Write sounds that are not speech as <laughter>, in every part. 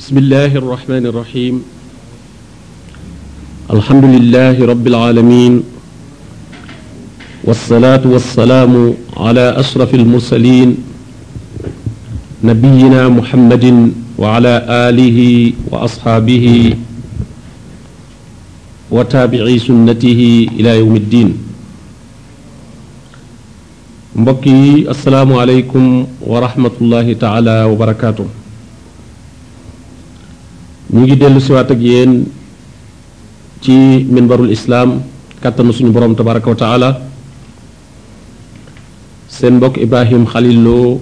bismillahi arrahmani irrahim alhamdulilahi rabilalamin walsalaatu walsalaamu ala ashraf almursalin nabiyina muhammadin wa ala alihi wa ashaabihi wa taabici sunnatihi ila yowm ddin mbokk yi asalaamualeykum wa rahmatullahi taala wa barakatuh ñu ngi dellu siwaat ak yéen ci minbarul islaam kàttanu suñu borom tabaraka wa seen mbokk Ibrahim Khalil Lo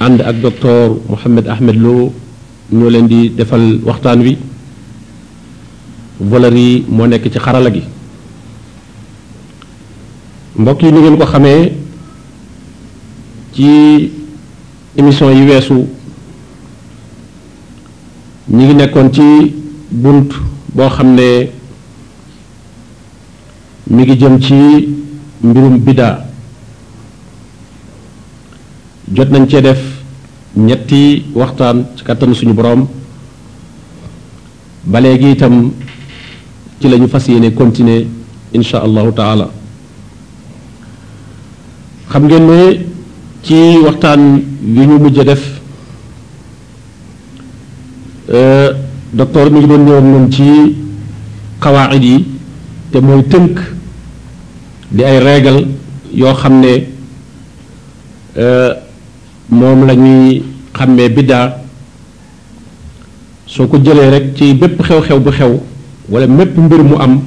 ànd ak docteur Mohamed Ahmed Lo ñoo leen di defal waxtaan wi Valérie moo nekk ci xarala gi mbokk yi ni ngeen ko xamee ci émission yi weesu ñu ngi nekkoon ci bunt boo xam ne mi ngi jëm ci mbirum biddaa jot nañ cee def ñetti waxtaan ci kàttan suñu boroom ba léegi itam ci la ñu fas yéene continuer insha allahu taala xam ngeen ne ci waxtaan yu ñu mujj def Euh, docteur mi ngi doon ñëwoon moom ci xawaayid yi te mooy tënk di ay règle yoo xam ne euh, moom la ñuy xàmmee biddaa soo ko jëlee rek ci bépp xew-xew bu xew wala mépp mbir mu am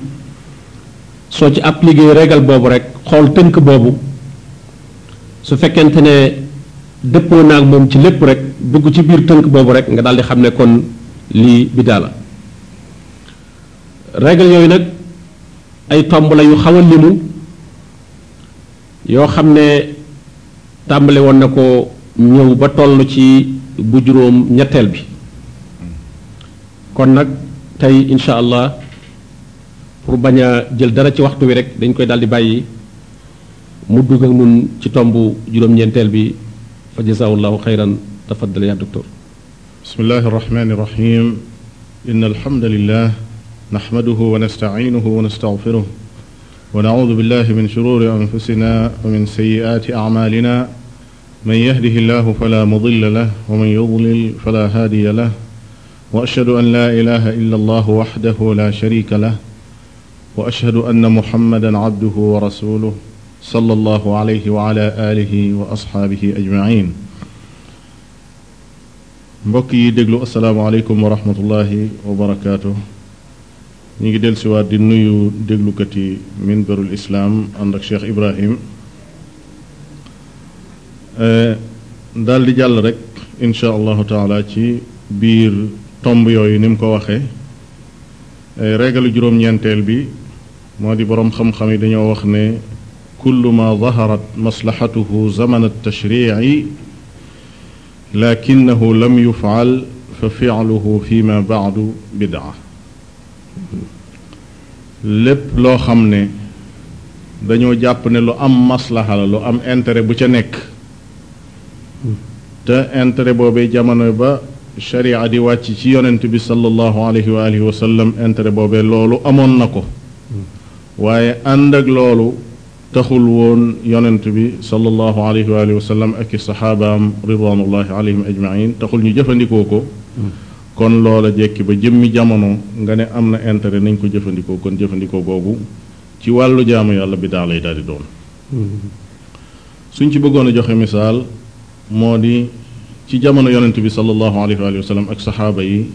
soo ci appliqué regal boobu rek xool tënk boobu su fekkente ne dëppoo naag moom ci lépp rek dugg ci biir tënk boobu rek nga daal di xam ne kon lii biddaa la yooyu nag ay tomb la yu xaw a limu yoo xam ne tàmbale woon na ko ñëw ba toll ci bu juróom ñetteel bi kon nag tey incha allah pour bañ a jël dara ci waxtu wi rek dañ koy daldi bàyyi mu dugg ak nun ci tomb juróom-ñeenteel bi fa jazaahullahu xayran tafaddal yaa docteur bismillahi irrahmani irrahim in alhamdulillah naxmaduhu wa nastaciinuhu wa nastacfiruh wa nacuudu billahi min shuruuri anfusina wa min sayi'aati acmaalina man yahdihi llahu fala mudilla lah wa man yudlil fala haadiya lah wa ashhadu an laa ilaha illa allahu waxdahu la sharika lah wa ashhadu anna muhammadan cabduhu wa rasuluh sala allahu alayhi wa ala aalihi wa asxaabihi ajmacin mbokk yi déglu asalaamaaleykum wa rahmatullahi wa barakaatu ñu ngi dellusiwaat di nuyu déglukat yi minbarul islaam ànd ak Cheikh Ibrahim eh, daal di jàll rek incha allahu taala ci biir tomb yooyu ni mu ko waxe eh, reegalu juróom-ñeenteel bi moo di boroom xam-xam yi dañoo wax ne kullu ma zaharat maslahatuhu zaman at tashrici lakinnahu lam yufaal fa fialuhu fi ma baadu bidaa lépp loo xam ne dañoo jàpp ne lu am maslaha la lu am intérêt bu ca nekk te intérêt boobee jamono ba sharia di wàcc ci yonent bi sallallahu alayhi wa alihi wa loolu amoon na ko waaye ànd ak loolu taxul woon yonent bi sallallahu alayhi wa alihi wa sallam ak i saxaabaam ridwanullahi alayhim taxul ñu jëfandikoo ko kon loola jekki ba jëmmi jamono nga ne am na intérêt nañ ko jëfandikoo kon jëfandikoo googu ci wàllu jaamu yàlla bi daa lay daldi doon suñ ci bëggoon a joxe misaal moo di ci jamono yonent bi sallallahu alayhi wa ak saxaaba yi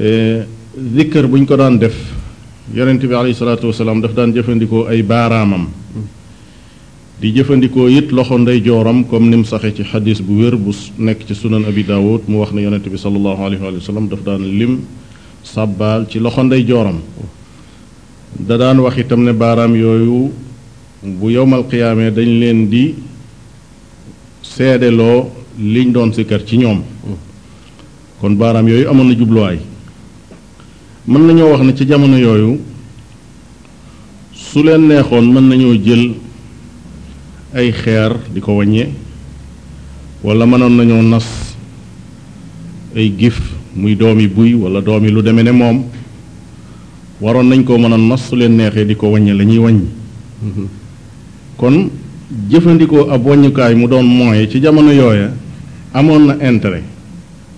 eh, zikkër bu ñu ko daan def yonent bi alayhi salaatu salaam daf daan jëfandikoo ay baaraamam di jëfandikoo it loxo ndeyjooram comme ni mu ci xadis bu wér bu nekk ci sunan abi daawud mu wax ne yonent bi sallallahu alayhi wa sallam daf daan lim sàbbaal ci loxo ndeyjooram da daan wax itam ne baaraam yooyu bu yowmal qiyaamee dañ leen di seedeloo liñ doon sikkar ci ñoom kon baaraam yooyu amoon na jubluwaay mën nañoo wax na ci jamono yooyu su leen neexoon mën nañoo jël ay xeer di ko wàññee wala mënoon nañoo nas ay gif muy doomi buy wala doomi lu demee ne moom waroon nañ koo mënoon a nas su leen neexee di ko wàññe la ñuy wàññi kon jëfandikoo ab wàññukaay mu doon moyen ci jamono yooya amoon na intérêt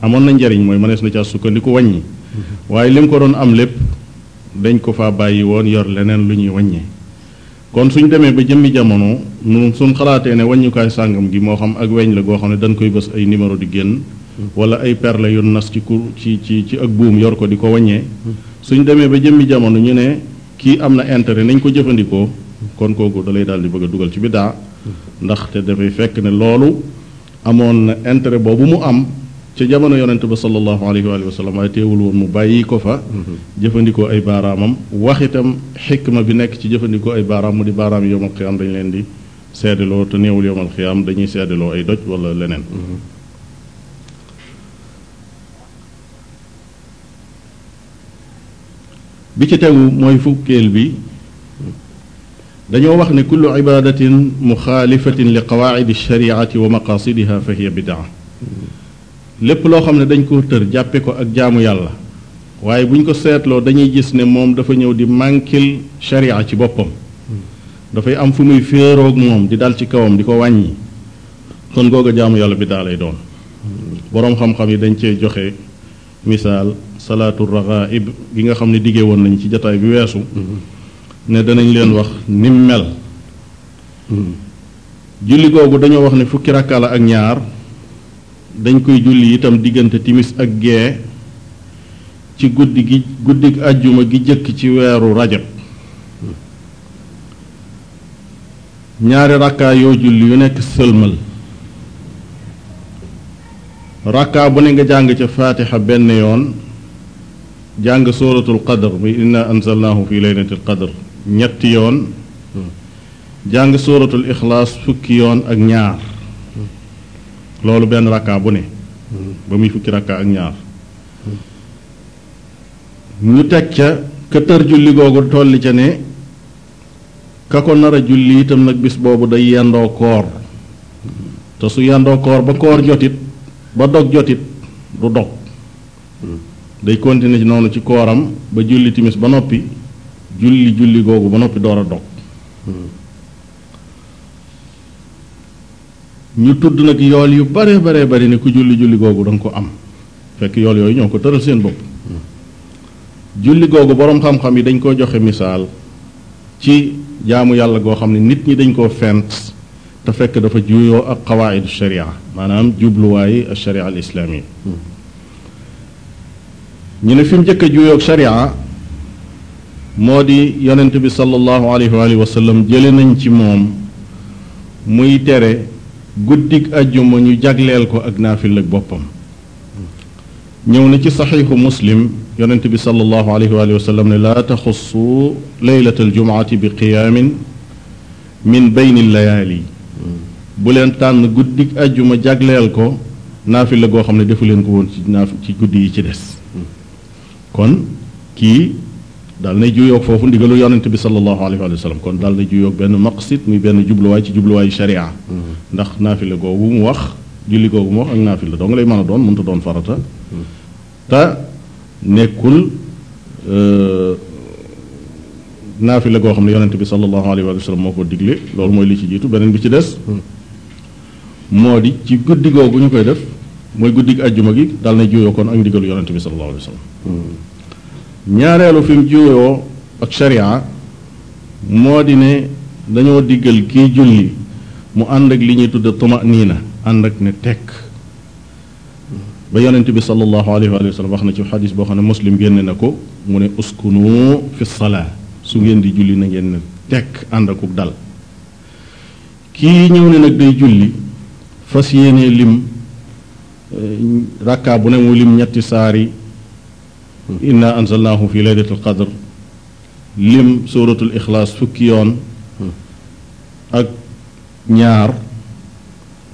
amoon na njariñ mooy mënees na caa sukkandiku waññi waaye lim ko doon am lépp dañ ko fa bàyyi woon yor leneen lu ñuy wàññee kon suñ demee ba jëmmi jamono ñun suñ xalaatee ne wàññukaay sàngam gi moo xam ak weñ la goo xam ne dañ koy bës ay numéro di génn wala ay perle yu nas ci ci ci ci ak buum yor ko di ko wàññee suñ demee ba jëmmi jamono ñu ne kii am na intérêt nañ ko jëfandikoo kon kooku da lay daal di bëgg a dugal ci biddaa ndaxte dafay fekk ne loolu amoon na intérêt boobu mu am ca jamono yonent ba sallallahu alayhi wa sallam waaye woon mu bàyyi ko fa mm-hmm. jëfandikoo ay baaraamam wax itam xikma bi nekk ci jëfandikoo ay baaraam mu di baaraam yowmal xiyaam dañu leen di seedaloo te néewul yowmal xiyaam dañuy seedaloo ay doj wala leneen mm-hmm. bi ci tegu mooy fukkeel bi dañoo wax ni kullu ibadatin muxaalifatin li qawaacidi alshariati wa maqasidiha fa hiya bidaa lépp loo xam ne dañ koo tër jàppe ko ak jaamu yàlla waaye bu ñu ko seetloo dañuy gis ne moom dafa ñëw di mànkil sharia ci boppam dafay am fu muy féeroog moom di dal ci kawam di ko wàññi kon googa jaamu yàlla bi daa lay doon boroom xam-xam yi dañ cee joxe misaal salaatu ragaib gi nga xam ne diggee woon nañ ci jataay bi weesu ne danañ leen wax nim mel hmm. julli googu dañoo wax ne fukki rakkaa ak ñaar dañ koy julli itam diggante timis ak gee ci guddi gi guddig àjjuma gi jëkk ci weeru rajab ñaari rakkaa yoo julli yu nekk sëlmal rakkaa bu ne nga jàng ca faatixa benn yoon jàng suratul qadr bi inna anzalnaahu fi laylatil qadr ñetti yoon jàng suratul ixlaas fukki yoon ak ñaar loolu benn rakka bu ne hmm. ba muy fukki rakka ak ñaar ñu teg ca ka tër julli googu tolli ca ne ka ko nar a julli itam nag bis boobu day yendoo koor te su yendoo koor ba koor jotit ba dog jotit du dog hmm. day continuer ci noonu ci kooram ba julli timis ba noppi julli julli googu ba noppi door a dog hmm. ñu tudd nag yool yu bare bare bari ne ku julli julli googu danga ko am fekk yool yooyu ñoo ko tëral seen bopp julli googu boroom xam-xam yi dañ koo joxe misaal ci jaamu yàlla goo xam ne nit ñi dañ koo fent te fekk dafa juyoo ak xawaayidu sharia maanaam jubluwaayi sharia al islaami ñu ne fi mu njëkk a juyoo ak moo di yonent bi sallallahu alayhi wa sallam jële nañ ci moom muy tere guddik ajjuma ñu jagleel ko ak naafil lag boppam ñëw na ci saxiixu muslim yonent bi sallallahu alayhi wa sallam ne laa taxusu leylata aljumaati bi qiyaamin min bayni layaali bu leen tànn guddik ajjuma jagleel ko naafil la goo xam ne defu leen ko woon ci naaf ci guddi yi ci des kon kii daal nay juyoog foofu ndigalu yonent bi sallallahu alayhi wa sallam kon daal na juyoog benn maqsid muy benn jubluwaay ci jubluwaayu sharia ndax naafila googu mu wax julli googu mu wax ak naafila doo nga lay mën a doon mënta doon farata te nekkul euh, naafila goo xam ne yonent bi sallallahu alayhi wa sallam moo ko digle loolu mooy li ci jiitu beneen bi ci des moo di ci guddi googu ñu koy def mooy guddi ajjuma gi daal na juyoog kon ak ndigalu yonent bi sallallahu ñaareelu fi mu juyoo ak sharia moo di ne dañoo diggal kii julli mu ànd ak li ñuy tudde tumaniina ànd ak ne tekk ba yonent bi sallallahu alayhi wa sallam wax na ci xadis boo xam ne muslim génne na ko mu ne uskunu fi salaa su ngeen di julli na ngeen ne tekk ànd akuk dal kii ñëw ne nag day julli fas yéene lim eh, ràkkaa bu ne mu lim ñetti saari inna anzalnaahu fi laylatul qadr lim suuratul ixlaas fukki yoon ak ñaar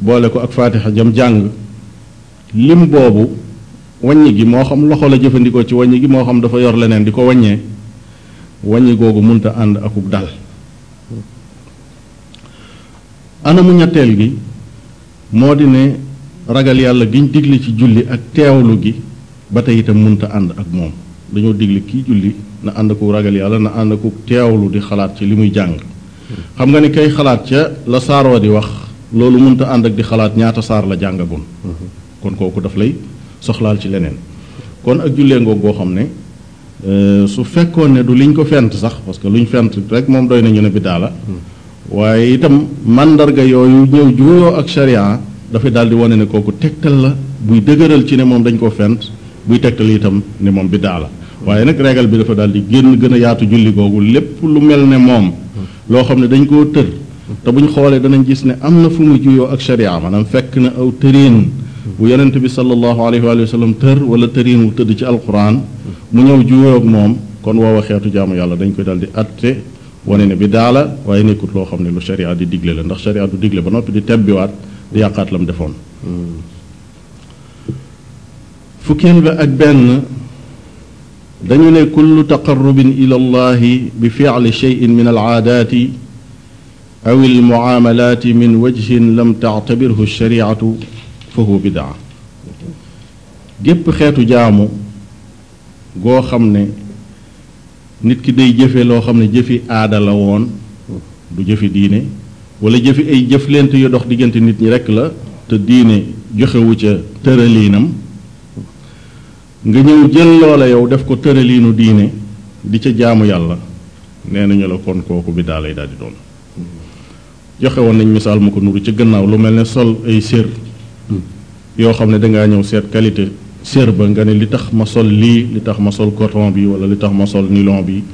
boole ko ak faatixa jam jàng lim boobu wàññi gi moo xam loxo la jëfandikoo ci wàññi gi moo xam dafa yor leneen di ko wàññee wàññi googu munta ànd akub dal anamu ñetteel gi moo di ne ragal yàlla giñ digle ci julli ak teewlu gi ba tey itam mënta ànd ak moom dañoo digle kii julli na ànd ko ragal yàlla na ànd ko teewlu di xalaat ci li muy jàng xam nga ni kay xalaat ca la saar di wax loolu mënta ànd ak di xalaat ñaata saar la jàngagun kon kooku daf lay soxlaal ci leneen kon ak jullee ngoog goo xam ne euh, su fekkoon ne du liñ ko fent sax parce que luñ fent rek moom doy nañu ne biddaa la waaye itam màndarga yooyu ñëw juuyoo ak sharia dafay daal di wane ne kooku tegtal la buy dëgëral ci ne moom dañ koo fent buy tegtal itam ne moom biddaa la waaye nag régal bi dafa daal di génn gën a yaatu julli googu lépp lu mel ne moom loo xam ne dañ koo tër te buñ xoolee danañ gis ne am na fu mu juyoo ak sharia maanaam fekk na aw tëriin bu yonent bi sallallahu alayhi wa sallam tër wala tëriin wu tëdd ci alquran mu ñëw juyoo ak moom kon woowa xeetu jaamu yàlla dañ koy daal di atte wane ne bi daala waaye nekkut loo xam ne lu sharia di digle la ndax sharia du digle ba noppi di tebbiwaat di yàqaat lam defoon hmm. fukkeel ba ak benn dañu ne kullu taqarrubin ila allahi bi fi'li shay'in min al'aadaati aw almucaamalaati min wajhin lam tactabirhu shariatu fa huwa bidaa gépp xeetu jaamu goo xam ne nit ki day jëfe loo xam ne jëfi aada la woon du jëfi diine wala jëfi ay jëflente yu dox diggante nit ñi rekk la te diine joxewu ca tëraliinam nga ñëw jël loola yow def ko tëraliinu diine di ca jaamu yàlla nee nañu la kon kooku bi daal lay daal di doon joxe woon nañ misaal ma ko nuru ci gannaaw lu mel ne sol ay sér yoo xam ne dangaa ñëw seet qualité sér ba nga ne li tax ma sol lii li tax ma sol coton bi wala li tax ma sol nilon bi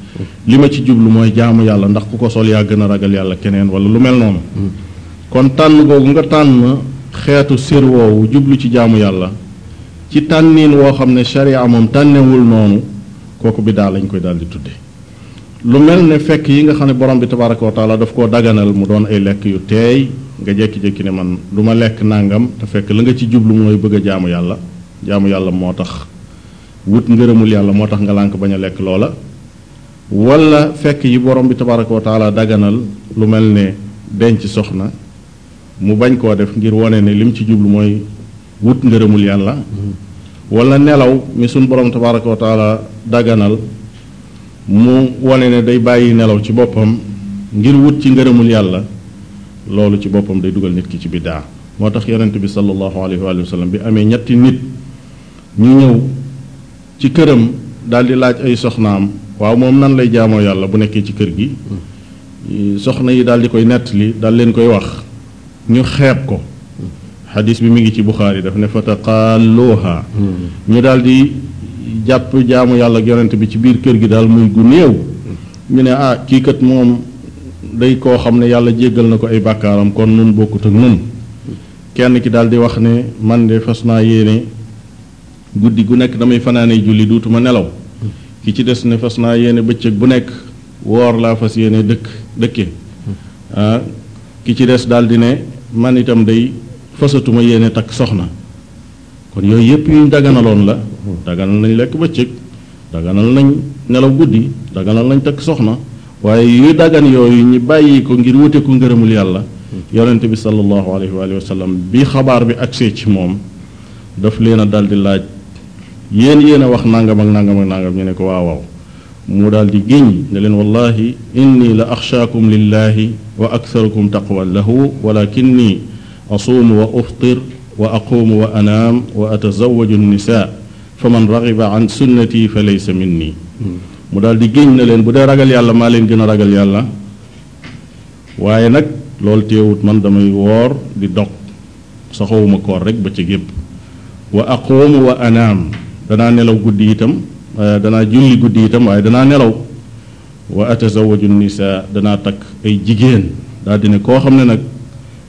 li ma ci jublu mooy jaamu yàlla ndax ku ko sol yaa gën a ragal yàlla keneen wala lu mel noonu mm. kon tànn googu nga tànn xeetu sér woowu jublu ci jaamu yàlla ci tànnin woo xam ne sharia moom tànnewul noonu kooku bi daal lañu koy daal di tudde lu mel ne fekk yi nga xam ne borom bi tabaraka wa taala daf koo daganal mu doon ay lekk yu teey nga jékki ne man du ma lekk nangam te fekk la nga ci jublu mooy bëgg a jaamu yàlla jaamu yàlla moo tax wut ngërëmul yàlla moo tax nga lànk bañ a lekk loola wala fekk yi borom bi tabaraka wa taala daganal lu mel ne denc soxna mu bañ koo def ngir wane ne lim ci jublu mooy wut ngërëmul yàlla wala nelaw mi suñ borom tabaraka wa taala daganal mu wane ne day bàyyi nelaw ci boppam ngir wut ci ngërëmul yàlla loolu ci boppam day dugal nit ki ci biddaa moo tax yonent bi sallallahu alayhi wa sallam bi amee ñetti nit ñu ñëw ci këram dal di laaj ay soxnaam waaw moom nan lay jaamoo yàlla bu nekkee ci kër gi mm. soxna yi di koy nettali dal leen koy wax ñu xeeb ko xadis bi mi ngi ci yi daf ne fataqaaluha hmm. ñu daal di jàpp jaamu yàlla ak bi ci biir kër gi daal muy gu néew ñu ne ah kii kat moom day koo xam ne yàlla jéggal na ko ay bàkkaaram kon nun bokkut ak nun kenn ki daal di wax ne man de fas naa yéene guddi gu nekk damay fanaanee julli duutuma nelaw ki ci des ne fas naa yéene bëccëg bu nekk woor laa fas yéene dëkk dëkke hmm. ah, ki ci des daal di ne man itam day fasatuma yéene takk soxna kon yooyu yëpp yu daganaloon la daganal nañ lekk bëccëg daganal nañ nelaw guddi daganal nañ takk soxna waaye yu dagan yooyu ñu bàyyi ko ngir wute ko ngërëmul yàlla yonente bi sallallahu alayhi wa sallam xabaar bi agsee ci moom daf leen a daal di laaj yéen yéen a wax nangam ak nangam ak nangam ñu ne ko waaw mu daal di géñ ne leen wallahi inni la axshaakum lillahi wa aktharukum taqwa lahu walakinni asuum wa uftir wa aquum wa anaam wa atazawaju nisaa fa man raxiba an sunnati fa laysa minni mu daal di géñ na leen bu dee ragal yàlla maa leen gën a ragal yàlla waaye nag loolu teewut man damay woor di dog saxawuma koor rek ba ca gépp wa aquum wa anaam danaa nelaw guddi itam danaa julli guddi itam waaye danaa nelaw wa atazawaju nisaa danaa takk ay jigéen daal di ne koo xam ne nag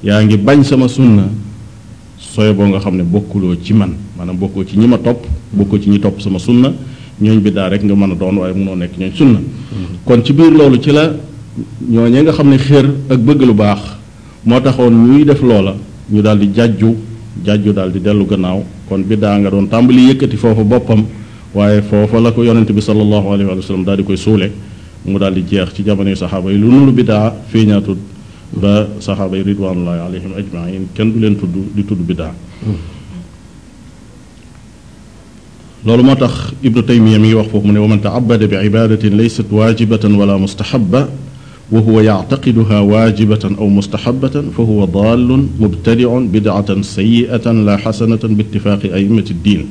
yaa ngi bañ sama sunna sooy boo nga xam ne bokkuloo ci man maanaam bokkoo ci ñi ma topp bokkoo ci ñi topp sama sunna ñooñ biddaa rek nga mën a doon waaye mënoo nekk ñooñ sunna kon ci biir loolu ci la ñooñee nga xam ne xér ak bëgg lu baax moo taxoon ñuy def loola ñu daal di jàjju jàjju daal di dellu gannaaw kon biddaa nga doon tàmbali yëkkati foofu boppam waaye foofa la ko yonent bi sallallahu alayhi wa sallam daal di koy suule mu daal di jeex ci jamonoy saxaaba yi lu nulu biddaa feeñaatut ba saxaaba yi ridwanullahi alayhim ajmain kenn du leen tudd di tudd biddaa loolu moo tax ibnu taymiya mi ngi wax foofu mu ne wa man taabada bi ibadatin laysat waajibatan wala mustaxaba wa huwa yactaqiduha waajibatan aw mustaxabatan fa huwa dallun mubtadiun bidatan sayiatan la xasanatan bi ittifaaqi aimati diin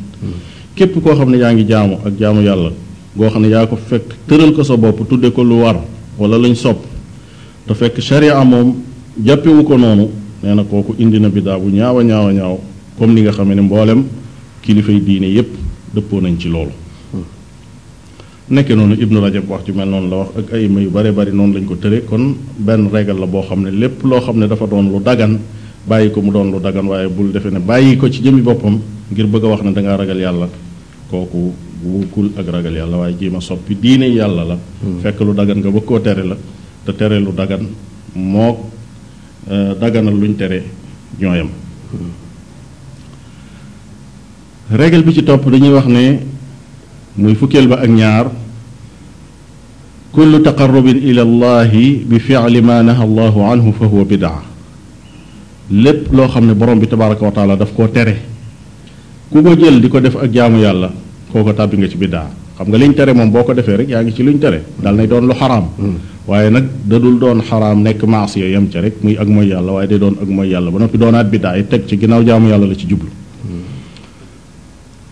képp koo xam ne yaa ngi jaamu ak jaamu yàlla goo xam ne yaa ko fekk tëral ko sa bopp tudde ko lu war wala lañ sopp te fekk sharia moom jàppewu ko noonu nee na kooku indi na biddaa bu ñaaw a ñaaw a comme li nga xam ne mbooleem kilifa kilifay diine yépp dëppoo nañ ci loolu nekke noonu ibnu rajab wax ju mel noonu la wax ak ay ma yu bare bari noonu lañ ko tëre kon benn régal la boo xam ne lépp loo xam ne dafa doon lu dagan bàyyi ko mu doon lu dagan waaye bul defe ne bàyyi ko ci jëmmi boppam ngir bëgg a wax ne dangaa ragal yàlla kooku wuukul ak ragal yàlla waaye jéem a soppi diine yàlla la hmm. fekk lu dagan nga bëgg koo tere la te tere lu dagan mook euh, daganal luñ tere ñooyam règle bi ci topp dañuy wax ne muy fukkeel ba ak ñaar kullu taqarrubin ila bi fi'li ma naha allahu anhu fa huwa bidaa lépp loo xam ne borom bi tabaraka wa daf koo tere ku ko jël di ko def ak jaamu yàlla kooko tàbbi nga ci bidaa xam nga liñ tere moom boo ko defee rek yaa ngi ci luñ tere dal nay doon lu xaraam hmm. waaye nag da doon xaraam nekk maasiya yem ca rek muy ak mooy yàlla waaye day doon ak mooy yàlla ba noppi doonaat biddaa yi teg ci ginnaaw jaamu yàlla la ci jublu hmm.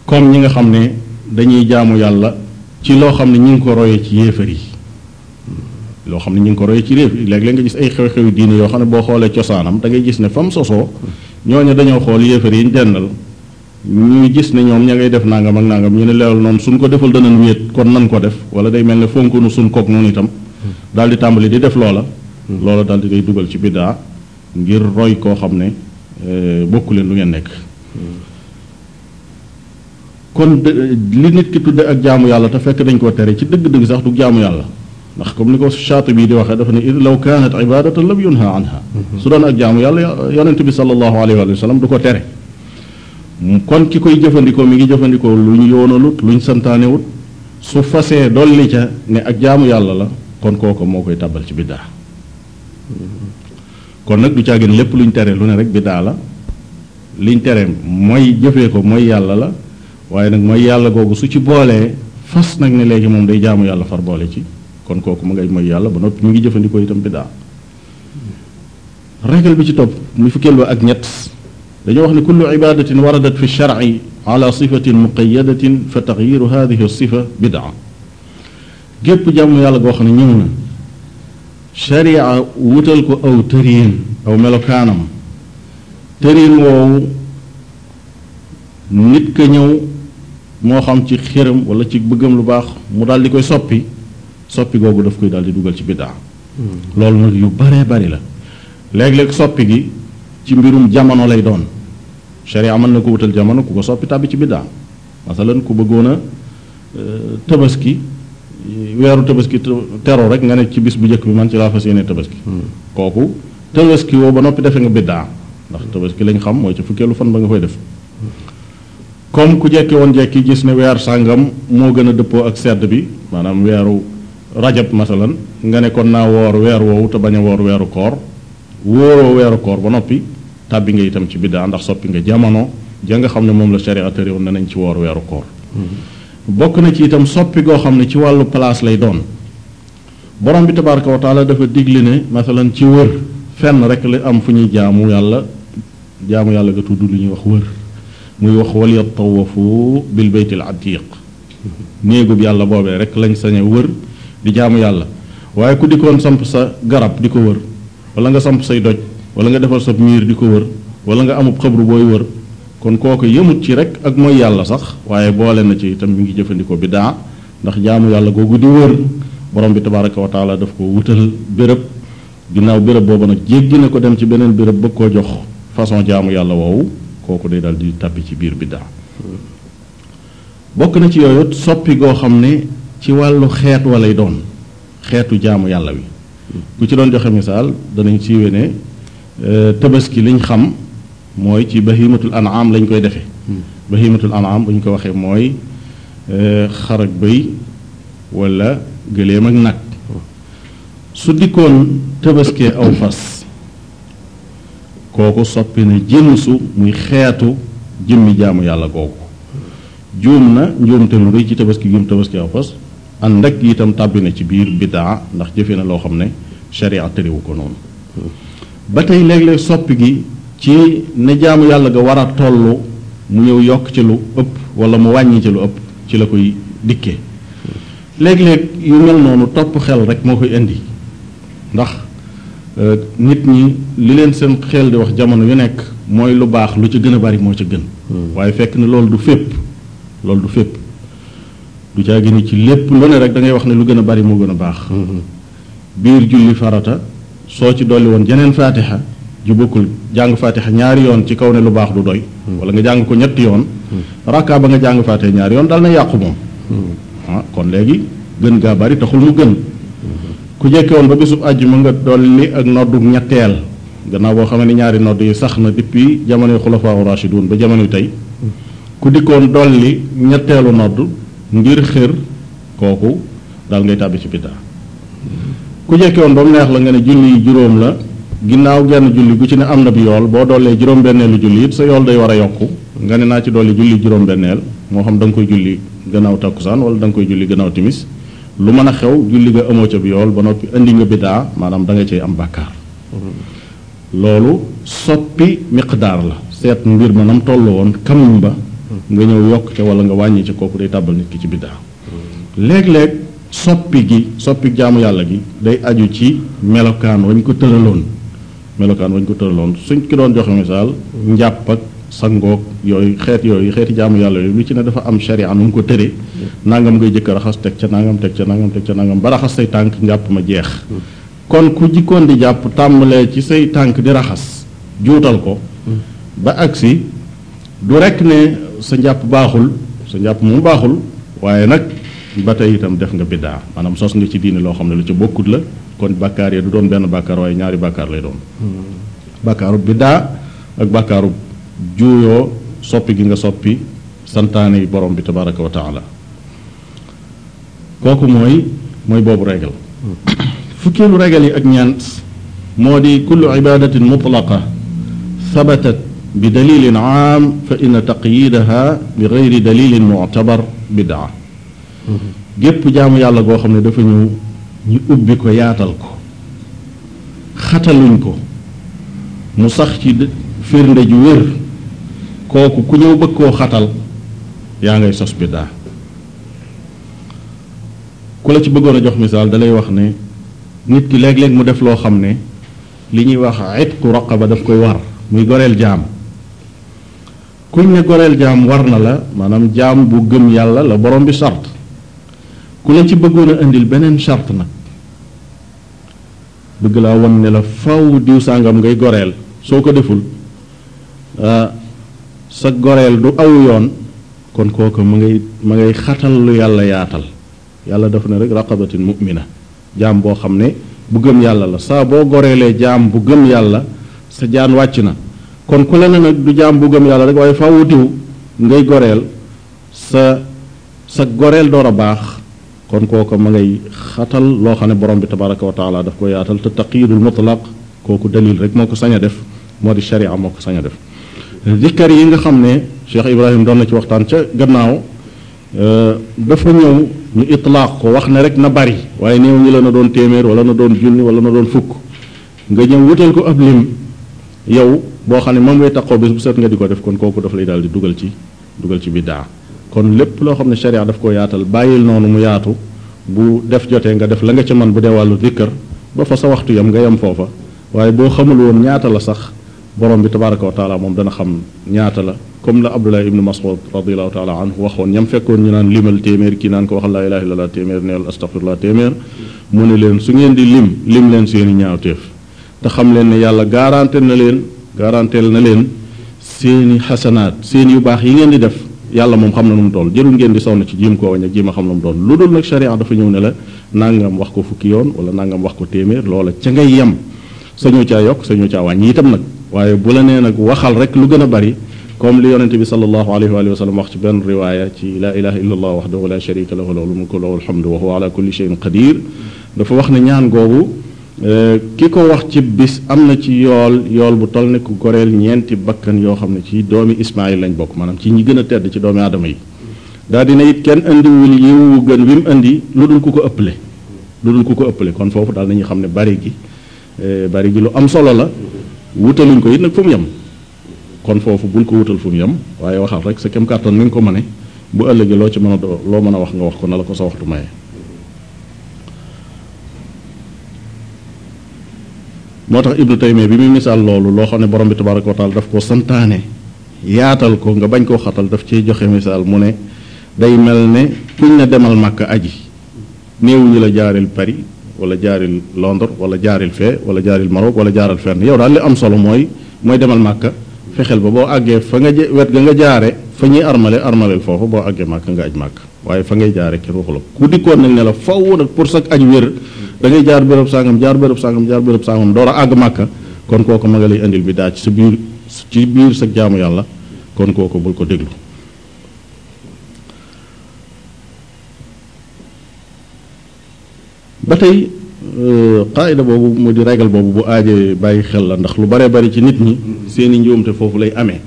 comme ñi nga xam ne dañuy jaamu yàlla ci loo xam ne ñu ngi ko royee ci yéefar yi hmm. loo xam ne ñu ngi ko royee ci réef léeg-léeg nga gis ay xew-xewi diine yoo xam ne boo xoolee cosaanam da ngay gis ne fam sosoo ñooñu dañoo xool yéefar yi ñu dendal ñuy gis ne ñoom ña ngay def nangam ak nangam ñu ne leeral noonu suñ ko deful danañ wéet kon nan ko def wala day mel ne fonkunu suñ koog noonu itam daal di tàmbali di def loola loola daal di koy dugal ci biddaa ngir roy koo xam ne euh, bokku leen lu ngeen nekk kon li nit ki tudde ak jaamu yàlla te fekk dañ koo tere ci dëgg-dëgg sax du jaamu yàlla ndax comme ni ko Shaatibi di waxee dafa ne id law kaanat ibadatan lam yunha anha mm-hmm. su doon ak jaamu yàlla yonent bi sallallahu alayhi wa sallam du ko tere kon ki koy jëfandikoo mi ngi jëfandikoo lu ñu yoonalut lu ñu santaanewut su fasee dolli ca ne ak jaamu yàlla la kon kooku moo koy tabal ci biddaa kon nag du caagin lépp luñ tere lu ne rek biddaa la liñ tere mooy jëfee ko mooy yàlla la waaye nag mooy yàlla googu su ci boolee fas nag ne léegi moom day jaamu yàlla far boole ci kon kooku mu ngay moy yàlla ba noppi mu ngi jëfandikoo itam biddaa régal bi ci topp muy fukkeel ba ak ñett dañoo wax ne kullu ibadatin waradat fi sharci ala sifatin muqayadatin fa taxyiru hadihi sifa bidaa gépp yàlla goo xam ne ñëw na sharia wutal ko aw aw melokaanam tëriin woowu nit ka ñëw moo xam ci xiram wala ci bëggam lu baax mu daal di koy soppi soppi googu daf koy daal di dugal ci biddaa hmm. loolu nag yu baree bari la léeg-léeg soppi gi ci mbirum jamono lay doon sharia mën na ko wutal jamono ku ko soppi tàbbi ci biddaa masalan ku bëggoon a euh, tabaski weeru tabaski tero rek nga ne ci bis bu njëkk bi man ci laa fas yéene tabaski hmm. kooku tabaski woo ba noppi defee nga biddaa ndax tabaski lañ xam mooy ci fukkeelu fan ba nga koy def comme ku jekki woon jekki gis ne weer sàngam moo gën a dëppoo ak sedd bi maanaam weeru rajab masalan nga ne kon naa woor weer woowu te bañ a woor weeru koor wóoroo weeru koor ba noppi tàbbi nga itam ci biddaa ndax soppi nga jamono ja nga xam ne moom la sharia tëréwoon ne nañ ci woor weeru koor bokk na ci itam soppi goo xam ne ci wàllu place lay doon borom bi tabaraka wa taala dafa digle ne masalan ci wër fenn rek la am fu ñuy jaamu yàlla jaamu yàlla nga tudd lu ñuy wax wër muy wax wal yatawafu bil baytil atiq néegub yàlla boobee rek lañ sañe wër di jaamu yàlla waaye ku dikkoon samp sa garab di ko wër walla nga samp say doj wala nga defal sa miir di ko wër wala nga amub xabru booy wër kon kooku yëmut ci rek ak mooy yàlla sax waaye boole na ci itam mi ngi jëfandikoo biddaa ndax jaamu yàlla googu di wër borom bi tabaraka wa taala daf ko wutal béréb ginnaaw béréb boobu nag jéggi ko dem ci beneen béréb bëgg koo jox façon jaamu yàlla woowu kooku day daal di tàbbi ci biir biddaa bokk na ci yooyu soppi goo xam ne ci wàllu xeet walay doon xeetu jaamu yàlla wi hmm. ku ci doon joxe misaal danañ siiwe ne Euh, tabaski liñ xam mooy ci bahimatul an'am lañ koy defee hmm. bahimatul an'am bu ñu ko waxee mooy euh, xar ak bëy wala gëléem ak nag su dikkoon tabaskee aw fas kooku soppi na jënsu muy xeetu jëmmi jaamu yàlla googu juum na njuumte lu rëy ci tabaski juum tabaski aw fas ànd ak itam tàbbi na ci biir biddaa ndax jëfe na loo xam ne sharia tëriwu ko noonu hmm. ba tey léeg-léeg sopp gi ci na jaamu yàlla ga war a toll mu ñëw yokk ci lu ëpp wala mu wàññi ci lu ëpp ci la koy dikkee léeg-léeg yu mel noonu topp xel rek moo koy indi ndax euh, nit ñi li leen seen xel di wax jamono yu nekk mooy lu baax lu ci gën a bari moo ci gën hmm. waaye fekk ne loolu du fépp loolu du fépp du caa gën ci lépp lu ne rek dangay wax ne lu gën a bari moo gën a baax hmm. biir julli farata soo ci dolli woon jeneen faatixa ju bokkul jàng faatixa ñaari yoon ci kaw ne lu baax du doy wala nga jàng ko ñetti yoon rakka ba nga jàng faatixa ñaari yoon dal na yàqu moom ah kon léegi gën gaa bari taxul mu gën ku jekke woon ba bisub àjjuma nga dolli ak noddu ñetteel gannaaw boo xamee ne ñaari nodd yi sax na depuis jamonoy xulafaa rashidun ba jamono tey ku dikkoon dolli ñetteelu nodd ngir xër kooku daal ngay tàbbi ci biddaa ku jekki woon ba mu neex la nga ne julli yi juróom la ginnaaw genn julli gu ci ne am na bi yool boo doolee juróom-benneelu julli it sa yool day war a yokk nga ne naa ci dolli julli juróom-benneel moo xam da koy julli gannaaw takkusaan wala da nga koy julli gannaaw timis lu mën a xew julli nga amoo ca bi yool ba noppi indi nga bidaa maanaam da nga cay am bàkkaar loolu soppi miqdaar la seet mbir ma nam toll woon kamuñ ba nga ñëw yokk ca wala nga wàññi ca kooku day tàbbal nit ki ci biddaa léeg-léeg soppi gi soppi jaamu yàlla gi day aju ci melokaan wañ ko tëraloon melokaan wañ ko tëraloon suñ ki doon joxe misaal njàpp ak sa sangoog yooyu xeet yooyu xeeti jaamu yàlla yooyu lu ci ne dafa am sharia nu mu ko tëree nangam ngay jëkk raxas teg ca nangam teg ca nangam teg ca nangam ba raxas say tànk njàpp ma jeex kon ku jikkoon di jàpp tàmbalee ci say tànk di raxas juutal ko ba agsi du rekk ne sa njàpp baaxul sa njàpp moom baaxul waaye ba tey itam def nga biddaa maanaam sos nga ci diine loo xam ne lu ci bokkut la kon bàkkaar yi du doon benn bàkkaar waaye ñaari bàkkaar lay doon hmm. bàkkaarub biddaa ak bàkkaarub juuyoo soppi gi nga soppi santaane yi borom bi tabaraka wa taala kooku mooy mooy boobu régal hmm. fukkeelu régal yi ak ñeent moo di kullu ibadatin mutlaqa sabatat bi dalilin aam fa inna taqyidaha bi gayri dalilin muctabar bidaa gépp jaamu yàlla goo xam ne dafa ñëw ñu ubbi ko yaatal ko xataluñ ko mu sax ci firnde ju wér kooku ku ñëw bëgg koo xatal yaa ngay sos biddaa ku la ci bëggoon jox misaal dalay wax ne nit ki léeg-léeg mu def loo xam ne li ñuy wax itqu raqaba daf koy war muy goreel jaam kuñ ne goreel jaam war na la maanaam jaam bu gëm yàlla la borom bi sart ku la ci bëggoon indil beneen charte nag bëgg laa wan ne la faw diw sàngam ngay goreel soo ko deful ah, sa goreel du aw yoon kon kooku ma ngay ma ngay xatal lu yàlla yaatal yàlla dafa ne rek raqabatin mu'mina jaam boo xam ne bu gëm yàlla la saa boo goreelee jaam bu gën yàlla sa jaan wàcc na kon ku la ne nag du jaam bu gëm yàlla rek waaye faw diw ngay goreel sa sa goreel door a baax kon kooka ma ngay xatal loo xam ne borom bi tabaraka wa taala daf ko yaatal te taqyidul mutlaq kooku dalil rek moo ko sañ a def moo di sharia moo ko sañ def dikkar yi nga xam ne Cheikh Ibrahim doon na ci waxtaan ca gannaaw euh, dafa ñëw ñu itlaaq ko wax ne rek na bari waaye néew ñu la na doon téeméer wala na doon junni wala na doon fukk nga ñëw wutal ko ab lim yow boo xam ne moom ngay taqoo bés bu set nga di ko def kon kooku daf lay daal di dugal ci dugal ci biddaa kon lépp loo xam ne sharia daf ko yaatal bàyyil noonu mu yaatu bu def jotee nga def la nga ca man bu dee wàllu dikkër ba fa sa waxtu yam nga yem foofa waaye boo xamul woon ñaata la sax borom bi tabaraka wa taala moom dana xam ñaata la comme la abdullah ibnu mas'ud radiallahu taala anhu waxoon ñam fekkoon ñu naan limal téeméer kii naan ko waxal laa ilaha illallah téeméer neel astaghfirullah téeméer mu ne leen su ngeen di lim lim leen seeni ñaawteef te xam leen yàlla moom xam na nu mu toll jërul ngeen di sonn ci jiim koo wañ ak jiim a xam na mu doon lu dul nag charia dafa ñëw ne la nangam wax ko fukki yoon wala nangam wax ko téeméer loola ca ngay yem sañu caa yokk sañu caa wàññi itam nag waaye bu la nee nag waxal rek lu gën a bari comme li yonente bi salallahu alayhi wa sallam wax ci benn riwaaya ci laa ilaha illa wax waxdahu la sharika lahu lahul mulku ko lahul hamdu wa huwa ala kulli shay'in qadir dafa wax ne ñaan Euh, ki ko wax ci bis am na ci yool yool bu toll ne ku goreel ñeenti bakkan yoo xam ne ci doomi Ismaayil lañ bokk maanaam ci ñi gën a tedd ci doomi aadama yi daal dina it kenn indiwul yi wu gën wi indi lu dul ku ko ëppale lu dul ku ko ëppale kon foofu daal nañu xam ne bari gi euh, bari gi lu am solo la wutaluñ ko it nag fu mu yem kon foofu bul ko wutal fu mu yem waaye waxal rek sa kem kàttan ni nga ko mëne bu ëllëgee loo ci mën a loo mën a wax nga wax ko na la ko sa waxtu moo tax ibnu taymiya bi muy misaal loolu loo xam ne borom bi tabaraka wa taala daf ko santaane yaatal ko nga bañ koo xatal daf ciy joxe misaal mu ne day mel ne kuñ na demal màkk aji néewuñu la jaaril Paris wala jaaril Londres wala jaaril fee wala jaaril Maroc wala jaaral fenn yow daal li am solo mooy mooy demal màkka fexeel ba boo àggee fa nga wet ga nga jaare fa ñuy armale armaleel foofu boo àggee màkk nga aj màkk waaye fa ngay jaare kenn waxu la ne la faw nag pour sax aj wér da ngay jaar béréb sàngam jaar béréb sàngam jaar béréb sàngam door a àgg màkka kon kooku ma nga lay indil bi daa ci sa biir ci biir sa jaamu yàlla kon kooku bu ko déglu ba tey euh, qaayda boobu moo di régal boobu bu aajee bàyyi xel la ndax lu baree bari ci nit ñi seeni njuumte foofu lay amee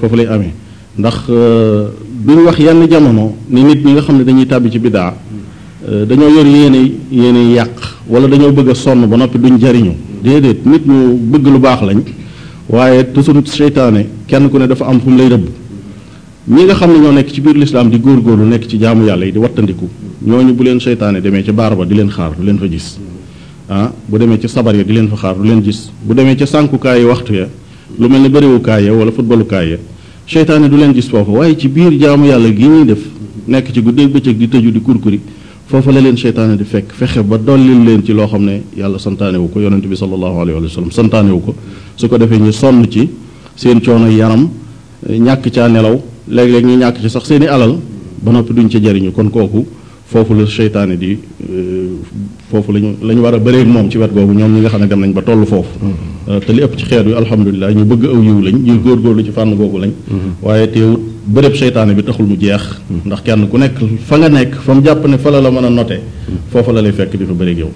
foofu lay amee ndax duñ euh, wax yenn jamono ni nit ñi nga xam ne dañuy tàbbi ci biddaa Euh, dañoo yor yéene yéene yàq wala dañoo bëgg sonn ba noppi duñ jariñu déedéet nit ñu bëgg lu baax lañ waaye toujours seytaane kenn ku ne dafa am fu lay rëbb ñi nga xam ne ñoo nekk ci biir lislaam di góor góor lu nekk ci jaamu yàlla yi di wattandiku ñooñu bu leen seytaane demee ci baar ba di leen xaar du leen fa gis ah bu demee ci sabar ya di leen fa xaar du leen gis bu demee ci sànkukaay waxtu ya lu mel ne bëriwukaay ya wala futbalukaay ya seytaane du leen gis foofu waaye ci biir jaamu yàlla gii def nekk ci guddeeg bëccëg di tëju di kurkuri foofa la leen seytaane di fekk fexe ba dollil leen ci loo xam ne yàlla santaane wu ko yonent bi sallallahu alayhi wa sallam santaane wu ko su ko defee ñu sonn ci seen coono yaram ñàkk caa nelaw léegi léeg ñu ñàkk ci sax seen i alal ba noppi duñ ci jariñu kon kooku foofu la seytaane di euh, foofu lañu la ñu war a bëreeg moom ci wet googu ñoom ñi nga xam ne dem nañ ba toll foofu mm-hmm. euh, te li ëpp ci xeet wi alhamdulilah ñu bëgg aw yiw lañ ñu góorgóorlu ci fànn googu lañ mm-hmm. bërëb seytaane bi taxul mu jeex ndax kenn ku nekk fa nga nekk fa mu jàpp ne fa la la mën a note foofa la lay fekk di fa bëri yow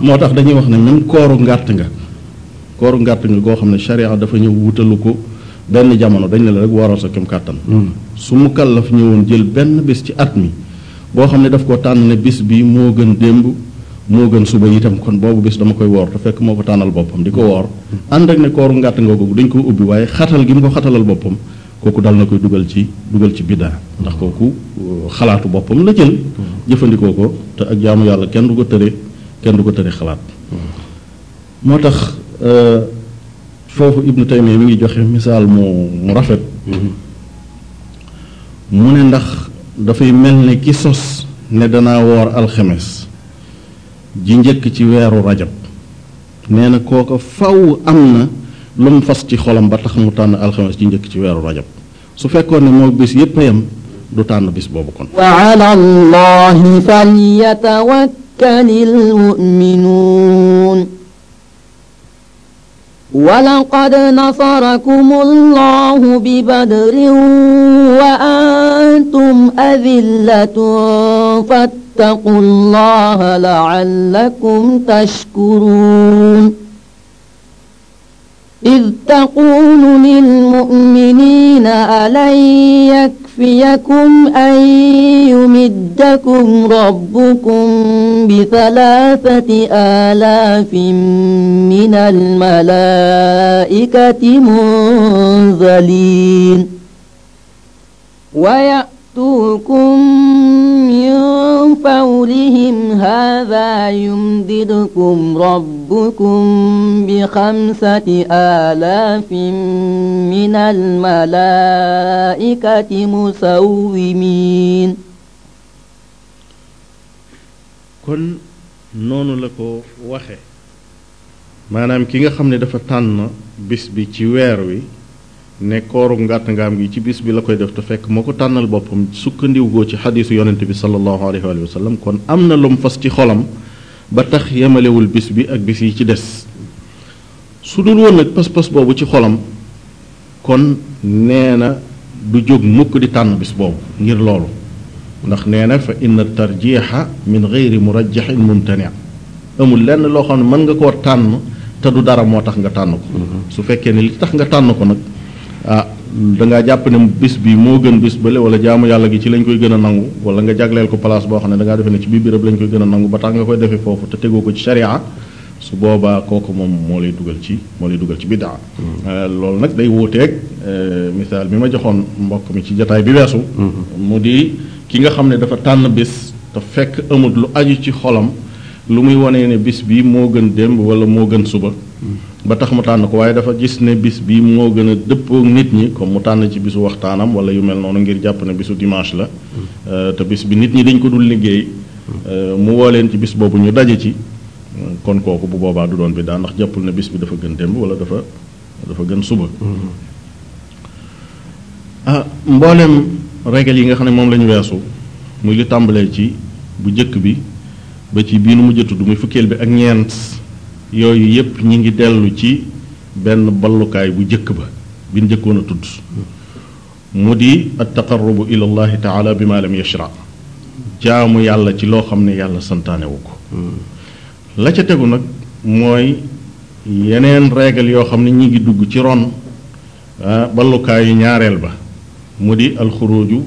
moo tax dañuy wax ne même kooru ngàtt nga kooru ngàtt nga koo xam ne charia dafa ñëw wutalu ko benn jamono dañ ne la rek waral sa kem kàttan su mu kàllaf ñëwoon jël benn bis ci at mi boo xam ne daf ko tànn ne bis bi moo gën démb moo gën suba itam kon boobu bis dama koy woor te fekk moo ko tànnal boppam di ko woor ànd ak ne kooru ngàtt nga ko dañ ko ubbi waaye xatal gi mu ko xatalal boppam kooku dal na koy dugal ci dugal ci biddaa ndax kooku euh, xalaatu boppam la jël jëfandikoo ko te ak jaamu yàlla kenn du ko tëre kenn du ko tëre xalaat moo tax euh, foofu ibnu taymiya mi ngi joxe misaal mu mu rafet mm-hmm. mu ne ndax dafay mel ne ki sos ne danaa woor alxemes ji njëkk ci weeru rajab nee na kooka faw am na lu mu fas ci xolam ba tax mu tànn alxames ci njëkk ci weeru rajab su fekkoon ne moo bis yépp a yem du tànn bis boobu kon wa ala allahi falyatawakkalil mu'minuun wa laqad nasarakum allahu bi badrin wa antum adillatun fattaqu allaha la'allakum tashkuruun إذ تقول للمؤمنين ألن يكفيكم أن يمدكم ربكم بثلاثة آلاف من الملائكة منزلين ويأ يأتوكم من فولهم هذا يمددكم ربكم بخمسة آلاف من الملائكة مسومين kon noonu la ko waxe maanaam ki nga xam ne dafa tànn bis bi ci weer wi ne kooru ngàtt ngaam gi ci bis bi la koy def te fekk moo ko tànnal boppam sukkandiwgoo ci xadiisu yonente bi sallallahu alayhi wa sallam kon am na lum fas ci xolam ba tax yemalewul bis bi ak bis yi ci des su dul woon nag pas-pas boobu ci xolam kon nee na du jóg mukk di tànn bis boobu ngir loolu ndax nee na fa inna tarjixa min geyri murajjaxin mumtani amul lenn loo xam ne mën nga koo tànn te du dara moo tax nga tànn ko mm-hmm. su fekkee ne li tax nga tànn ko nag ah da jàpp ne bis bi moo gën bis bële wala jaamu yàlla gi ci lañ koy gën a nangu wala nga jagleel ko place boo xam ne da ngaa defe ne ci biir béréb lañ koy gën a nangu ba tax nga koy defee foofu te tegoo ko ci sharia su boobaa kooku moom moo lay dugal ci moo lay dugal ci biddaa mm-hmm. eh, loolu nag day wuuteeg eh, misaal bi ma joxoon mbokk mi ci jataay bi weesu mm-hmm. mu di ki nga xam ne dafa tànn bis te fekk amut lu aju ci xolam lu muy wanee ne bis bi moo gën démb wala moo gën suba ba tax mu tànn ko waaye dafa gis ne bis bi moo gën a dëppoo nit ñi comme mu tànn ci bisu waxtaanam wala yu mel noonu ngir jàpp ne bisu dimanche la euh, te bis bi nit ñi dañ ko dul liggéey euh, mu woo leen ci bis boobu ñu daje ci kon kooku bu boobaa du doon bi daa ndax jàppul ne bis bi dafa gën démb wala dafa dafa gën suba mm-hmm. ah mboolem règle yi nga xam ne moom lañu ñu weesu muy li tàmbalee ci bu njëkk bi ba ci bii nu mujj a tudd muy fukkeel bi ak ñeent yooyu yépp ñi ngi dellu ci benn ballukaay bu jëkk ba bi njëkkoon a tudd mu di at taqarrubu ila allahi taala bi ma lam yashra jaamu yàlla ci loo xam ne yàlla santaanewu ko la ca tegu nag mooy yeneen régal yoo xam ne ñi ngi dugg ci ron ah, ballukaayu ñaareel ba mu di alxuruju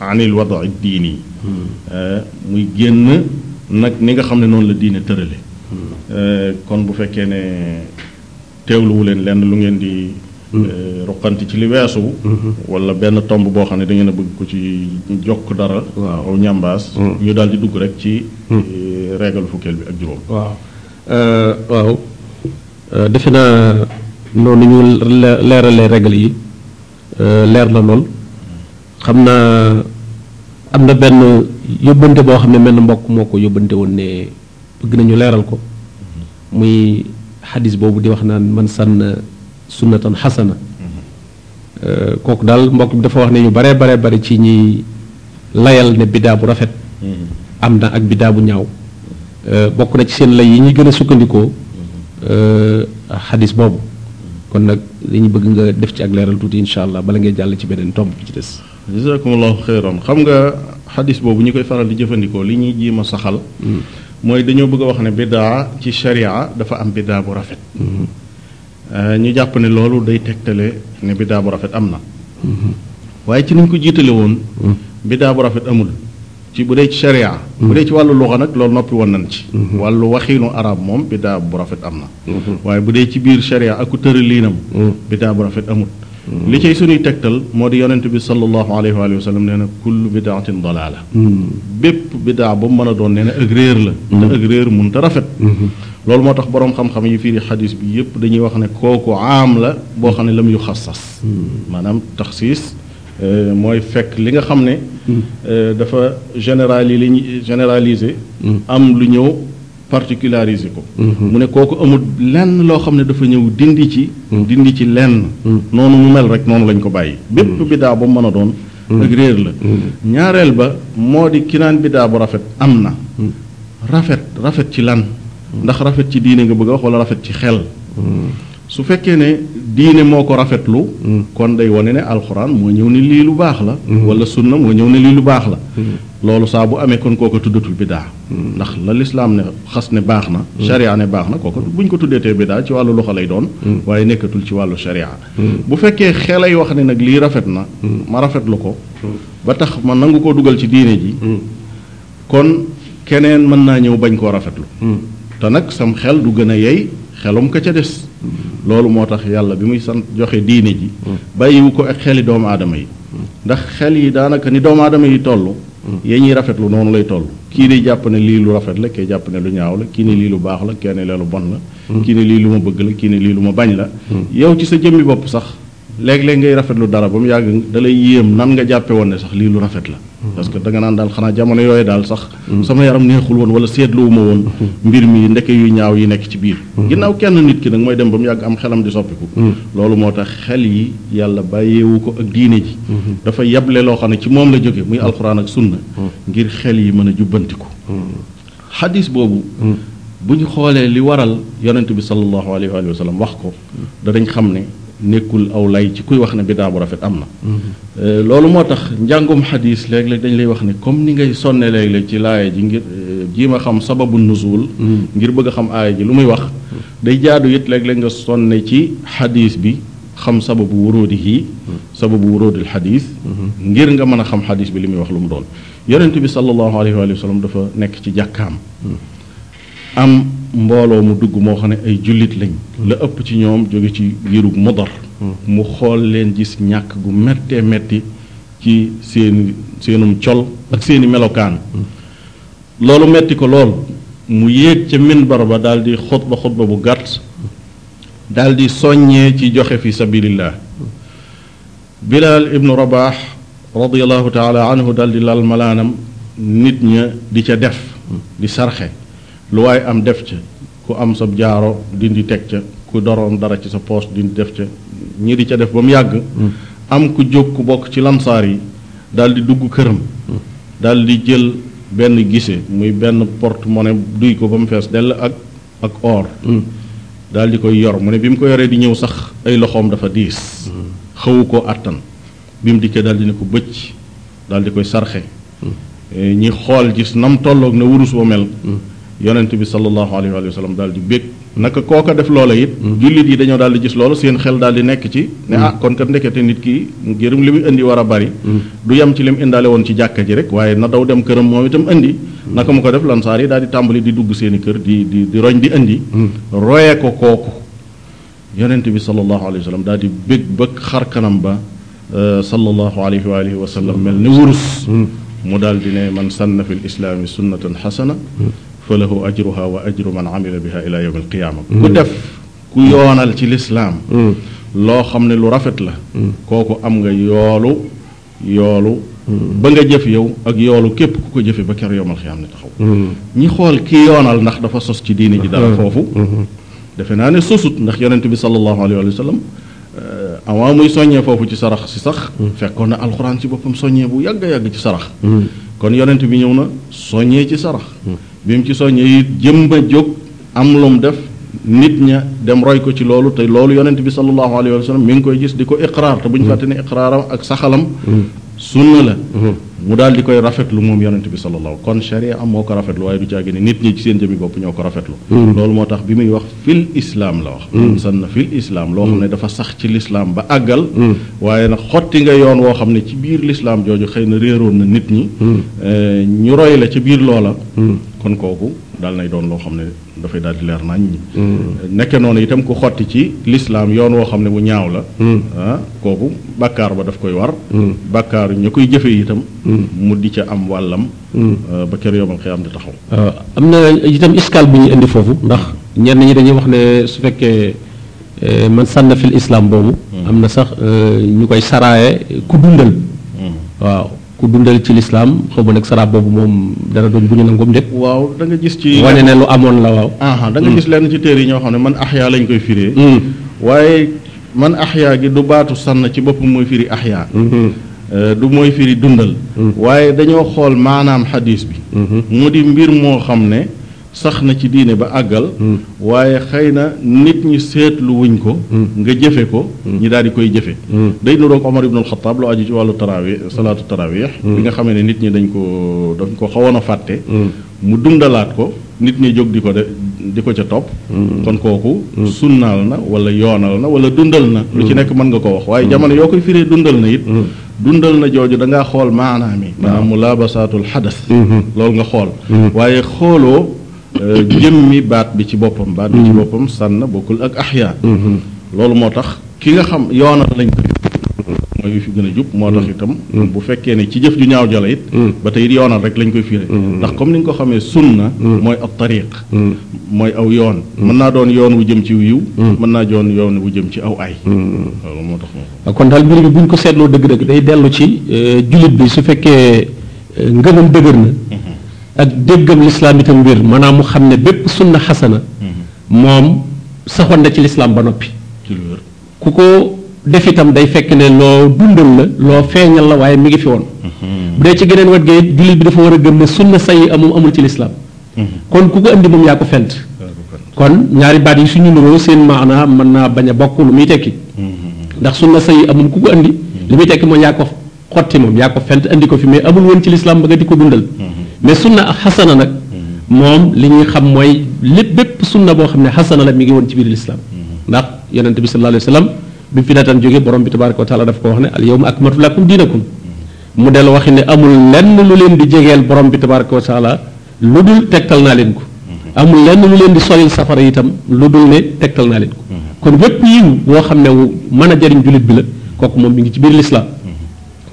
anil wadaci diini hmm. ah, muy génn nag ni nga xam ne noonu la diine tërale Euh, kon bu fekkee ne teewluwu leen lenn lu ngeen di mm-hmm. euh, ruqanti ci li weesu mm-hmm. wala benn tomb boo xam ne da ngeen a bëgg ko ci jokk dara waaw ñambaas mm. ñu daal di dugg rek ci mm. euh, régal fukkeel bi ak juróom waaw waaw defe naa noonu ñu leeralee régal yi leer na lool xam naa am na benn yóbbante boo xam ne mel na mbokk moo ko yóbbante woon ne bëgg nañu leeral ko muy xadis boobu di wax naan man sànn sunnatan xasana euh, kooku daal mbokk bi dafa wax ne ñu baree baree bari ci ñi layal ne biddaa bu rafet mm-hmm. am na ak biddaa bu ñaaw euh, bokk na ci seen lay yi ñuy gën a sukkandikoo mm-hmm. euh, xadis boobu kon nag li ñu bëgg nga def ci ak leeral tuuti insha allah bala ngay jàll ci beneen tomb bi ci des jazakumullahu xeyran xam nga xadis boobu ñu koy faral di jëfandikoo li ñuy jiima saxal mm. mooy dañoo bëgg a wax ne biddaa ci sharia dafa am biddaa bu rafet mm-hmm. euh, ñu jàpp ne loolu day tegtale ne biddaa bu rafet am na mm-hmm. waaye ci niñ ko jiitale woon mm-hmm. biddaa bu rafet amul ci bu dee ci sharia bu dee ci wàllu luxa nag loolu noppi woon nañ ci wàllu waxiinu araab moom biddaa bu rafet am na waaye bu dee ci biir sharia ak ku tëraliinam biddaa bu rafet amul li cay suñuy tegtal moo di yonent bi sallallahu alayhi wa sallam nee na kullu bidaatin dalaala bépp bidaa ba mu mën a doon nee na ak réer te ak mun te rafet loolu moo tax boroom xam-xam yi firi xadis bi yépp dañuy wax ne kooku aam la boo xam ne lam yu xassas maanaam tax taxsiis euh, mooy fekk li nga xam ne euh, dafa général li généraliser mm. am lu ñëw particulariser ko mhm. mu ne kooku amul lenn loo xam ne dafa ñëw dindi ci mhm. dindi ci lenn mhm. noonu mu mel rek noonu lañ ko bàyyi bépp biddaa ba mën a doon ak réer la ñaareel ba moo di ki naan biddaa bu rafet am na rafet rafet ci lan ndax rafet ci diine nga bëgg a wax wala rafet ci xel su fekkee ne diine moo ko rafetlu mm. kon dey wane ne alxuraan moo ñëw ne lii lu baax la mm. wala sunna moo ñëw ne lii lu baax la mm. loolu saa bu amee kon kooko tuddatul bidaa ndax la lislaam ne xas ne baax na sharia ne baax na kooko buñ ko tuddee tuddeetee bidaa ci wàllu loxo lay doon waaye nekkatul ci wàllu sharia bu fekkee xelay wax ne nag lii rafet na ma rafetlu ko ba tax ma nangu ko dugal ci diine ji kon keneen mën naa ñëw bañ koo rafetlu te nag sam xel du gën a yey xelum ka ca des loolu moo tax yàlla bi muy sant joxe diine ji bàyyiwu ko ak xeli doomu aadama yi ndax xel yi daanaka ni doomu aadama yi toll yee ñuy rafetlu noonu lay toll kii day jàpp ne lii lu rafet la kee jàpp ne lu ñaaw la kii ni lii lu baax la kee ne lu bon la kii ne lii lu ma bëgg la kii ne lii lu ma bañ la hmm. yow ci sa jëmmi bopp sax léeg-léeg ngay rafetlu dara ba mu yàgg da lay yéem nan nga jàppe woon ne sax lii lu rafet la hmm. parce que da naan daal xanaa jamono yooyu daal sax hmm. sama yaram neexul woon wala seetluwuma woon hmm. mbir mi ndeke yu ñaaw yi nekk ci biir ginnaaw kenn nit ki nag mooy dem ba mu yàgg am xelam di soppiku loolu moo tax xel yi yàlla bàyyeewu ko ak diine ji dafa yeble loo xam ne ci moom la jóge muy alxuraan ak sunna ngir xel yi mën a jubbantiku xadis boobu bu ñu xoolee li waral yonent bi sallallahu alayhi wa sallam wax ko danañ xam ne nekkul aw lay ci kuy wax ne biddaa bu rafet am na mhm. euh, loolu moo tax njàngum xadiis léeg-léeg dañ lay wax ne comme ni ngay sonnee léeg-léeg ci laaya ji ngir euh, jii ma xam sababu nuzuul mhm. ngir bëgg xam aaya ji lu muy wax mhm. day jaadu it léeg-léeg nga sonne ci xadiis bi xam sababu wuruudihi sababu wuruudil xadis ngir nga mën a xam xadis bi li muy wax lu mu doon yonent bi sallallahu alayhi wa sallam dafa nekk ci jàkkaam am mbooloo mu dugg moo xam ne ay jullit lañ la ëpp ci ñoom jóge ci yërug modar hmm. mu xool leen gis ñàkk gu méttee metti ci seen seenum col ak seeni melokaan hmm. loolu metti ko lool mu yéeg ca minbar ba daal di xutba xutba bu gàtt daldi di soññee ci joxe fi sabilillah bilaal ibnu rabaax radiallahu taala anhu daal di lal malaanam nit ña di ca def hmm. di sarxe lu waaye am def ca ku am sa jaaro dindi teg ca ku doroom dara ci sa poos dindi def ca ñi di ca def ba mu yàgg mm. am ku jóg ku bokk ci lansaar yi daal di dugg këram mm. daal di jël benn gise muy benn porte-monnaie duy ko ba mu fees dell ak ak or mm. di koy yor mu ne bi mu ko yoree di ñëw sax ay loxoom dafa diis xawu koo àttan bi mu dikkee daldi ne ko bëcc daal di koy sarxe eh, ñi xool gis nam tolloog na wurus wa mel yonent bi sallallahu alayhi wa sallam daal di bég naka kooka def loola it jullit yi dañoo daal di gis loola seen xel daal di nekk ci ne ah kon kat ndekete nit ki ngërëm li muy indi war a bari du yem ci li mu indaale woon ci jàkka ji rek waaye na daw dem këram moom itam indi naka mu ko def lansaar yi daal di tàmbali di dugg seeni kër di di di roñ di indi roye ko kooku yonent bi sallallahu alayhi wa sallam daal di bég ba xar kanam ba euh, sallallahu alayhi wa alihi wa sallam mel ni wurus mm. mu daal di ne man sanna fi l islaami sunnatan xasana fa lahu ajruha wa ajru man amila biha ila yawm alqiyaama mm. ku def ku yoonal ci mm. loo xam ne lu rafet la mm. kooku am nga yoolu yoolu ba nga jëf yow ak yoolu képp ku ko jëfe ba ker yowmal xiyaam ne taxaw ñi xool ki yoonal ndax dafa sos ci diini ji dara foofu mm-hmm. defe naa ne sosut ndax yonent bi sallallahu alayhi wa sallam euh, avant muy soññee foofu ci sarax si sax fekkoon na alxuraan ci boppam soññee bu yàgg yàgg ci sarax kon yonent bi ñëw na soññee ci sarax bi mu ci soññee it jëm a jóg am lu mu def nit ña dem roy ko ci loolu te loolu yonent bi sallallahu alayhi wa sallam mi ngi koy gis di ko iqraar te bu ñu fàtte ne iqraaram ak saxalam sunna la mhm. mu daal di koy rafetlu moom yonent bi sallallahu kon sharia am moo ko rafetlu waaye du caagi ne nit ñi ci seen jëmi bopp ñoo ko rafetlu mhm. loolu moo tax bi muy wax fil islaam la wax san mhm. na fil islaam loo xam ne dafa sax ci lislaam ba àggal waaye nag xotti nga yoon woo xam ne ci biir lislaam jooju xëy na réeroon na nit ñi eh, ñu roy la ca biir loola kon kooku daal nay doon loo xam ne dafay daal di leer nañ mm. nekke noonu itam ku xotti ci lislaam yoon woo xam ne bu ñaaw la mm. ah, kooku bàkkaar ba daf koy war mm. bàkkaar ñu koy jëfee itam mu di ca am wàllam ah, ba kër yomal xëy am di taxaw ah, am na itam iskaal bu ñu indi foofu ndax ñenn ñi dañuy wax ne su fekkee eh, man sànn islaam islam boobu am na sax eh, ñu koy saraaye ku dundal waaw ku dundal ci lislaam xaw ma nag saraab boobu moom dara doon bu ñu nangoom déet waaw da nga gis ci wane ne lu amoon la waaw aha da nga mm. gis lenn ci téere yi ñoo xam ne man axyaa lañ koy firee mm. waaye man axyaa gi du baatu sànn ci boppam mooy firi axyaa mm-hmm. euh, du mooy firi dundal mm. waaye dañoo xool maanaam xadiis bi mm-hmm. mu di mbir moo xam ne sax na ci diine ba àggal hmm. waaye xëy na nit ñi seetluwuñ ko hmm. nga jëfe ko hmm. ñi daal di koy jëfe day nuroog Omar ibn al-Khattab lu aju ci wàllu tarawih salaatu tarawih bi nga xamee ne nit ñi dañ ko dañ ko xawoon a fàtte mu dundalaat ko nit ñi jóg di ko de di ko ca topp kon kooku sunnaal na wala yoonal na wala dundal na lu ci nekk mën nga ko wax waaye jamono yoo koy firee dundal na it dundal na jooju da ngaa xool maanaam yi maanaam mu laabasaatul loolu nga xool Euh, jëmmi baat bi ci boppam baat bi ci mm-hmm. boppam sànn bokkul ak axyaa mm-hmm. loolu moo tax ki nga xam yoonal lañ ko mm-hmm. mooy wi fi gën a jub moo tax itam bu fekkee ne ci jëf ju ñaaw jala it ba tey it yoonal rek lañ koy fiire ndax comme ni nga ko xamee sunna mooy ab tariq mooy aw yoon mën naa doon yoon wu jëm ci wiiw mën naa doon yoon wu jëm ci aw ay loolu moo tax moom ah, kon daal mbir bi buñ ko seetloo dëgg-dëgg day dellu ci euh, jullit bi su fekkee euh, ngëmam dëgër na ak déggam lislaam itam wér maanaam mu xam ne bépp sunna xasana mhm. moom saxoon na ci lislaam ba noppi ku ko def itam day fekk ne loo dundal la loo feeñal la waaye mi ngi fi woon mhm. bu dee ci geneen wet gay jullit bi dafa war a gëm ne sunna sayi amum amul ci lislaam mhm. kon ku ko indi moom yaa ko fent kon ñaari baat yi suñu nuroo seen maanaa mën naa bañ a bokk lu muy tekki ndax sunna sayi amum ku ko indi li muy tekki moom yaa ko xotti moom yaa ko fent indi ko fi mais amul woon ci lislaam ba di ko dundal mais sunna ak xasana nag mm-hmm. moom li ñuy xam mooy lépp bépp sunna boo xam ne xasana la mi ngi woon ci biir lislaam mm-hmm. ndax yonente bi sallallahu alayhi wa sallam bi mu fi daataan jógee borom bi tabaraka wa taala dafa ko wax ne al yawma akmaltu lakum diinakum mm-hmm. mu del waxi ne amul lenn lu leen di jegeel borom bi tabaraka wa taala lu dul tegtal naa leen ko amul lenn lu leen di solil safara itam lu dul ne tegtal naa leen ko kon bépp yiw boo xam ne mën a jariñ jullit bi la kooku moom mi ngi ci biir lislaam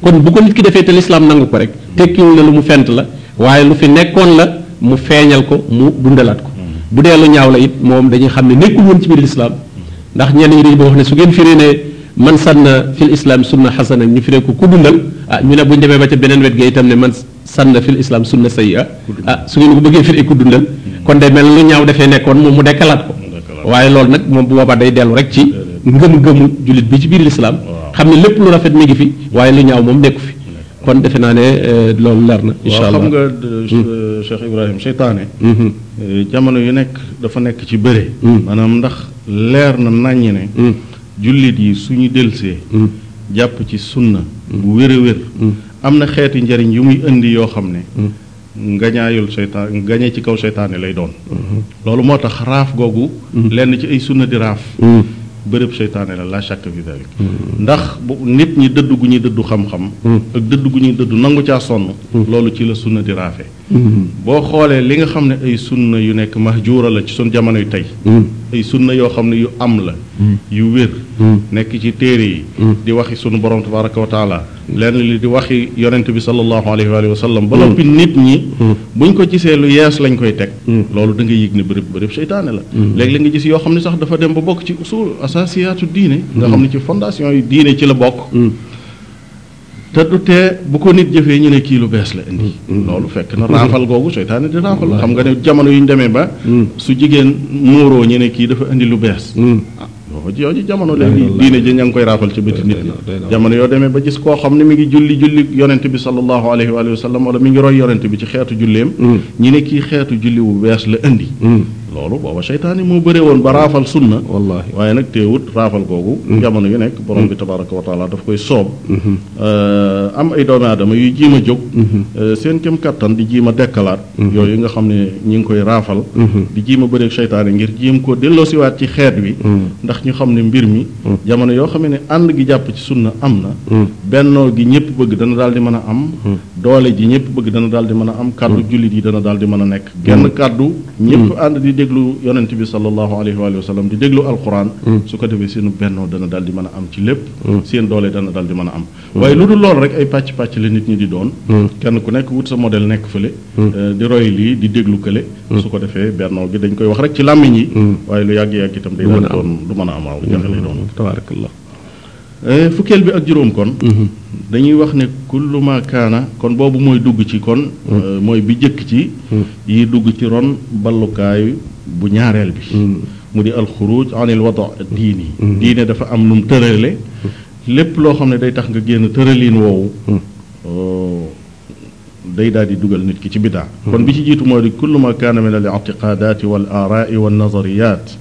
kon bu ko ki defee te lislaam nangu ko rek tekkiwul ne lu mu fent la waaye lu fi nekkoon la mu feeñal ko mu dundalaat ko bu dee lu ñaaw la it moom dañuy xam ne nekkul woon ci biir islaam ndax ñenn ñi dañu wax ne su ngeen firee ne man sanna na islam sunna xasana ñu firee ko ku ah, ñu ne bu ñu demee ba ca beneen wet itam ne man sanna fil islam sunna sayyi'a ah su ngeen ko bëggee firee ku dundal kon day mel lu ñaaw dafee nekkoon moom mu dekkalaat ko waaye loolu nag moom bu boobaa day dellu rek ci ngëm-ngëmu jullit bi ci biir islaam xam ne lépp lu rafet mi ngi fi waaye lu ñaaw moom nekku fi kon defe naa ne euh, loolu leer na. incha allah waaw xam nga euh, hmm. euh, Cheikh jamono yu nekk dafa nekk ci bëre. Hmm. maanaam ndax leer na naññi ne. Hmm. jullit yi suñu delsee jàpp ci sunna. bu wér am na xeeti njariñ yu muy indi yoo xam ne. ngañaayul seytaan ngañee ci kaw seytaane lay doon. loolu moo tax raaf googu. lenn ci ay sunna di raaf. bërëb seytaane la la chàkk bi dalik mm. ndax bu nit ñi dëdd gu ñuy dëddu xam-xam mm. ak dëdd gu ñuy dëddu nangu caa sonn mm. loolu ci la sunna di raafe boo xoolee li nga xam ne ay sunna yu nekk mahjuura la ci sun jamono yu tey ay sunna yoo xam ne yu am la yu wér nekk ci téere yi di waxi sunu borom tabaraka wa lenn li di waxi yonent bi sallallahu alayhi wa sallam ba noppi nit ñi buñ ko gisee lu yees lañ koy teg loolu da nga yëg ne bërëb bërëb seytaane la léegi la nga gis yoo xam ne sax dafa dem ba bokk ci usul asasiyaatu diine nga xam ne ci fondation yi diine ci la bokk te du tee bu ko nit jëfee ñu ne kii lu bees la indi loolu fekk na raafal googu seytaane di raafal xam nga ne jamono yu ñu demee ba su jigéen muuroo ñu ne kii dafa indi lu bees dafa yow ji jamono léegi diine ji ña ngi koy raafal ci biti nit ñi jamono yoo demee ba gis koo xam ne mi ngi julli julli yonent bi sallallahu alayhi wa sallam wala mi ngi roy yonent bi ci xeetu julleem mm. ñi ne kii xeetu julli wu bees la indi mm. loolu booba seytaane moo bëree woon ba raafal sunna wallaahi waaye nag teewut raafal googu mm-hmm. jamono yu nekk borom bi mm-hmm. tabaraka wa taala daf koy soob mm-hmm. euh, am ay doomi aadama yu jiim a jóg euh, seen kem kattan di jiim a dekkalaat yooyu nga xam ne ñi ngi koy raafal di jiim a bëreeg seytaane ngir jiim ko delloosiwaat ci xeet wi ndax ñu xam ne mbir mi jamono yoo xam ne ànd gi jàpp ci sunna am na bennoo gi ñëpp bëgg dana daal di mën a am doole ji ñëpp bëgg dana daal di mën am kàddu jullit yi dana daal di mën a nekk genn kàddu déglu yonent bi sallallahu alayhi wa sallam di déglu alquran mm. su ko defee seenu bennoo dana daal di mën a am ci lépp mm. seen doole dana daal di mën a am mm. waaye lu dul loolu rek ay pàcc-pàcc la nit ñi di doon kenn ku nekk wut sa modèle nekk fële euh, di roy lii di déglu kële su ko defee bennoo gi dañ koy wax rek ci làmmiñ yi waaye lu yàgg-yàgg itam day daal doon du mën a am waaw jafe lay doon la Eh, fukkeel bi ak juróom kon. Mhm. dañuy wax ne kullu ma kaana kon boobu mooy dugg ci kon. Mm. Eh, mooy bi jëkk ci. Mm. yi dugg ci ron ballukaay bu ñaareel bi. Mm. mu di alxuruj anil wada diini. diine dafa am lu mu tërale. lépp loo xam ne day tax nga génn tëraliin woowu. Oh, day daal di dugal nit ki ci bidaa. kon bi ci jiitu mooy di kullu ma kaana min al itiqaadaati wal aaraai wal nazariyaat.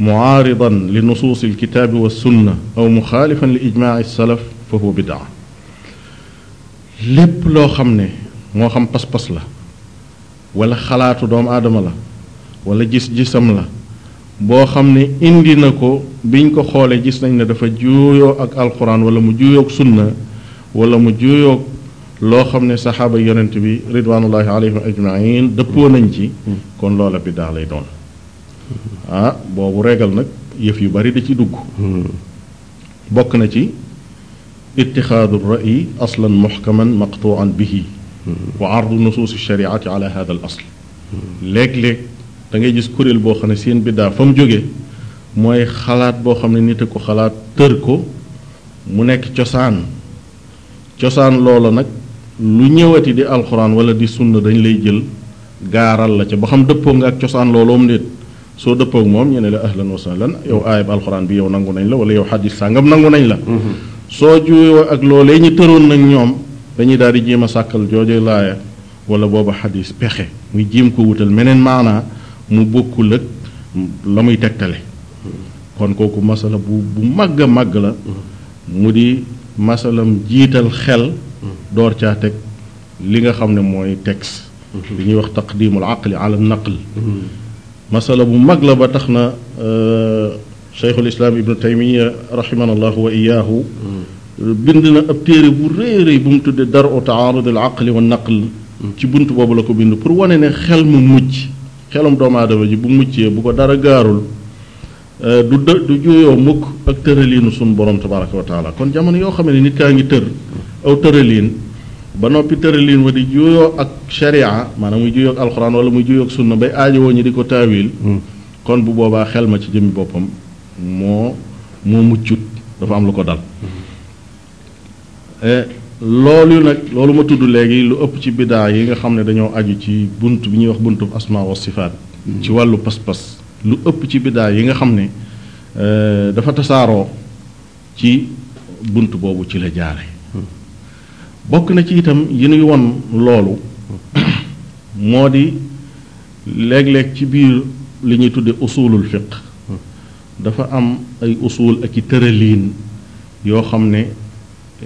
muaaridan li nusuusi alkitaabi wa sunna aw muxaalifan li ijmaaci salaf fa huwa bidaa lépp loo xam ne moo xam pas-pas la wala xalaatu doomu aadama la wala jis jisam la boo xam ne indi na ko biñ ko xoolee gis nañ ne dafa juuyoo ak alxuraan wala mu juuyoo ak sunna walla mu juuyoo loo xam ne saxaaba yonent bi ridwanullahi alayhim ajmain dëppoo nañ ci hmm. kon loola bidaa lay doon ah boobu regal nag yëf yu bari da ci dugg bokk na ci itixaadu rayi aslan muxkaman maqtuan bihi wa ardu nusuus shariati ala hada al asl léeg-léeg da gis kuréel boo xam ne seen biddaa fa mu jógee mooy xalaat boo xam ne nit a ko xalaat tër ko mu nekk cosaan cosaan loola nag lu ñëwati di alxuraan wala di sunna dañ lay jël gaaral la ca ba xam dëppoo nga ak cosaan looloom déet soo dëppoog moom ñu ne la ahlan wa sahlan yow aayab alxuraan bi yow nangu nañ la wala yow xadis sàngam nangu nañ la mm-hmm. soo juuyoo ak loolee ñu tëroon nag ñoom dañuy daal di jéem a sàkkal jooje laaya wala booba xadis pexe mu jéem ko wutal meneen maanaa mu bokkul ak la muy tegtale kon kooku masala bu bu màgg a màgg la mu di masalam jiital xel door caa teg li nga xam ne mooy texte mm-hmm. li ñuy wax taqdimul aqli ala naql mm-hmm. masala bu mag la ba tax na euh, cheikhul islam ibnu taymiya rahimanallahu wa iyaahu mm. bind na ab téere bu rëy rëy bu mu tuddee dar u taarud al aqli wa naql mm. ci bunt boobu la ko bind pour wane ne xel mu mucc xelum doomu aadama ji bu muccee bu ko dara gaarul euh, du dë du juyoo mukk ak tëraliinu sunu borom tabaraka wa taala kon jamono yoo xam ne nit kaa ngi tër aw tëraliin ba noppi tëralin ma di juyoo ak sharia maanaam muy juyoo ak alxuraan wala muy juyoo ak sunna bay aajowoo ñi di ko taawil hmm. kon bu boobaa xel ma ci jëmmi boppam moo moo muccut dafa am lu ko dal eh, loolu nag loolu ma tudd léegi lu ëpp ci biddaa yi nga xam ne dañoo aju ci bunt bi ñuy wax buntu asma wa hmm. ci wàllu pas lu ëpp ci bidaa yi nga xam ne eh, dafa tasaaroo ci bunt boobu ci la jaare bokk na ci itam yi nuy won loolu moo di léeg-léeg ci biir li ñuy tudde usulul fiq dafa am ay usul ak i tëraliin yoo xam ne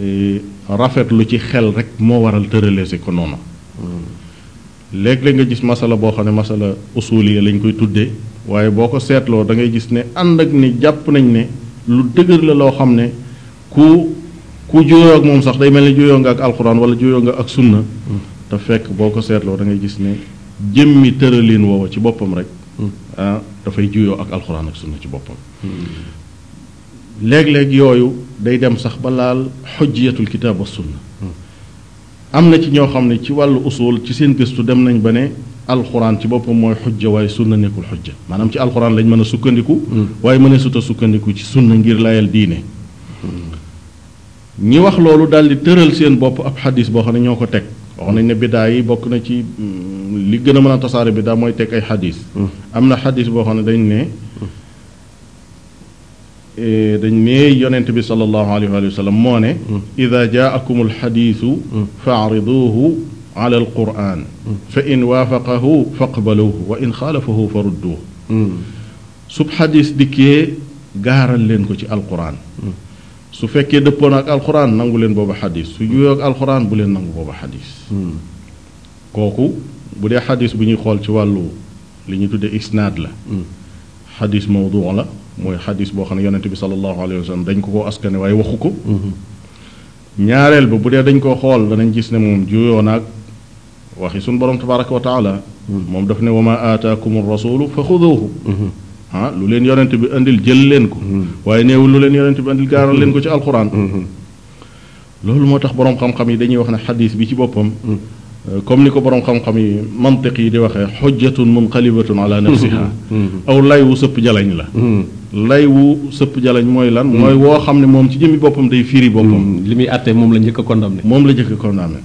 eh, rafetlu ci xel rek moo waral tëraleese ko noonu léeg-léeg nga gis masala boo xam ne masala usuliya lañ koy tuddee waaye boo ko seetloo da ngay gis ne ànd ak ni jàpp nañ ne lu dëgër la loo xam ne ku ku juyoo ak moom sax day mel ni juyoo nga ak alxuraan wala juyoo nga ak sunna te fekk boo ko seetloo da ngay gis ne jëmmi tëralin woowa ci boppam rek ah, dafay juyoo ak alxuraan ak sunna ci boppam léeg-léeg yooyu day dem sax ba laal xujjiyatul kitaab wa sunna am na ci ñoo xam ne ci wàllu usul ci seen gëstu dem nañ ba ne alxuraan ci boppam mooy xujja waaye sunna nekkul xujja maanaam ci alxuraan lañ mën a sukkandiku mm. waaye mën a suta sukkandiku ci sunna ngir layal diine ñi wax loolu daal di tëral seen bopp ab xadis boo xam ne ñoo ko teg wax nañ ne bidaa yi bokk na ci mm, li gën a mën a tasaare bidaa mooy teg ay xadiis mm. am na xadis boo xam ne dañ ne mm. eh, dañ ne yonent bi sallallahu alayhi wa sallam moo ne ida jaakum alxadisu fa ariduhu ala alquran fa in waafaqahu faqbaluuhu wa in xaalafahu fa rudduuhu sub xadis dikkee gaaral leen ko ci alquran su fekkee dëppoon ak alxuraan nangu leen booba xadis su juyoo ak alxuraan bu leen nangu booba xadis hmm. kooku bu dee xadis bu ñuy xool ci wàllu li ñuy tuddee isnaad la hmm. xadis mawdu la mooy xadis boo xam ne yonente bi sallallahu alayhi wa dañ ko koo askane waaye waxu ko hmm. ñaareel ba bu dee dañ koo xool danañ gis ne moom juyoo naag waxi suñ borom tabaraka wa taala moom daf ne wa ma aataakum rasulu fa xuduuhu ah lu leen yonent bi indil jël leen ko hmm. waaye neewul lu leen yonent bi indil gaaral leen ko ci alxuraan hmm. Hmm. loolu moo tax boroom xam-xam yi dañuy wax ne xadiis bi ci boppam euh, comme ni ko boroom xam-xam yi mantiq yi di waxee xujjatun munqalibatun ala nafsiha aw lay wu sëpp jalañ la lay wu sëpp jalañ mooy lan mooy woo xam ne moom ci jëmmi boppam day firi boppam li muy àttee moom la jëkk a condamné moom la njëkk a condamné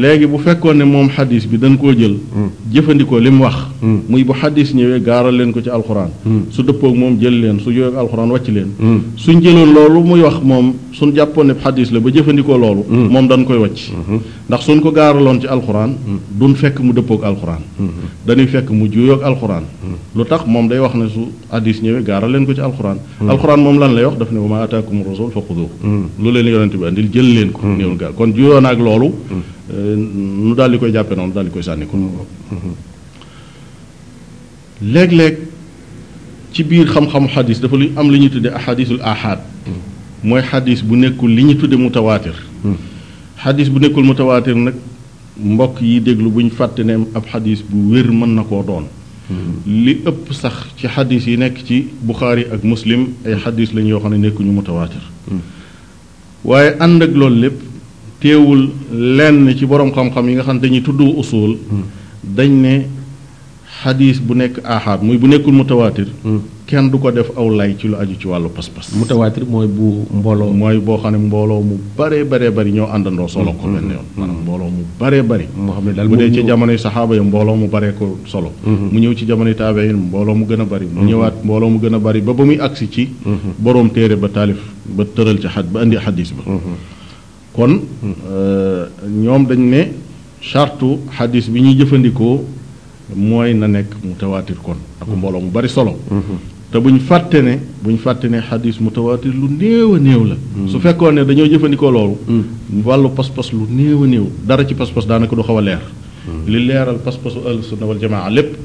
léegi bu fekkoon ne moom xadiis bi dañ koo jël jëfandikoo li mu wax Mm. muy bu xadis ñëwee gaaral leen ko ci alxuraan mm. su dëppoog moom jël leen su jóg ak alxuraan wàcc leen mm. suñ jëloon loolu muy wax moom suñ jàppoon ne xadis la ba jëfandikoo loolu moom dañ koy wàcc mm-hmm. ndax suñ ko gaaraloon ci alxuraan duñ fekk mu dëppoog alxuraan mm-hmm. dañuy fekk mu juyoog alxuraan lu tax moom day wax ne su xadis ñëwee gaaral leen ko ci alxuraan alxuraan moom lan lay wax daf ne wa ma ataakum rasul fa xuduuhu lu leen yonente bi andil jël leen ko néewul kon juyoo naag loolu euh, nu daal di koy jàppe noonu daal di koy sànni léeg-léeg ci biir xam-xamu xadis dafa lu am li ñuy tudde ahadisul ahad mooy xadiis bu nekkul li ñu tudde mutawaatir xadis bu nekkul mutawaatir nag mbokk yi déglu bu ñu fàtte ne ab xadis bu wér mën na ko doon li ëpp sax ci xadis yi nekk ci buxaari ak muslim ay xadis lañ yoo xam ne nekkuñu mutawaatir waaye ànd ak loolu lépp teewul lenn ci boroom xam-xam yi nga xam dañuy tudd usul dañ ne xadis bu nekk aaxaat muy bu nekkul mutawaatir hmm. kenn du ko def aw lay ci lu aju ci wàllu pas-pas mutawaatir mooy bu mbooloo mooy boo xam ne mbooloo mu baree baree bari ñoo àndandoo solo ko hmm. benn yoon hmm. maanaam mbooloo mu baree bari moo xam ne daal bu dee ci jamonoy saxaaba yi mbooloo mu ko solo mu ñëw ci jamonoy taabe yi mbooloo gën a bari mu ñëwaat mbooloo mu gën a bari ba ba muy agsi ci boroom téere ba taalif ba tëral ci xad ba indi xadis ba kon euh, ñoom dañ ne chartu xadis bi ñuy jëfandikoo mooy na nekk mu tawaatir kon ak mm-hmm. mbooloo mu bari solo mm-hmm. te bu ñu fàtte ne bu ñu fàtte ne xadis mu tawaatir lu néew a néew la mm-hmm. su fekkoon ne dañoo jëfandikoo loolu wàllu pas-pas lu néew a néew dara ci pas-pas daanaka du xaw a leer li leeral pas-pasu ahlu sunna wal jamaa lépp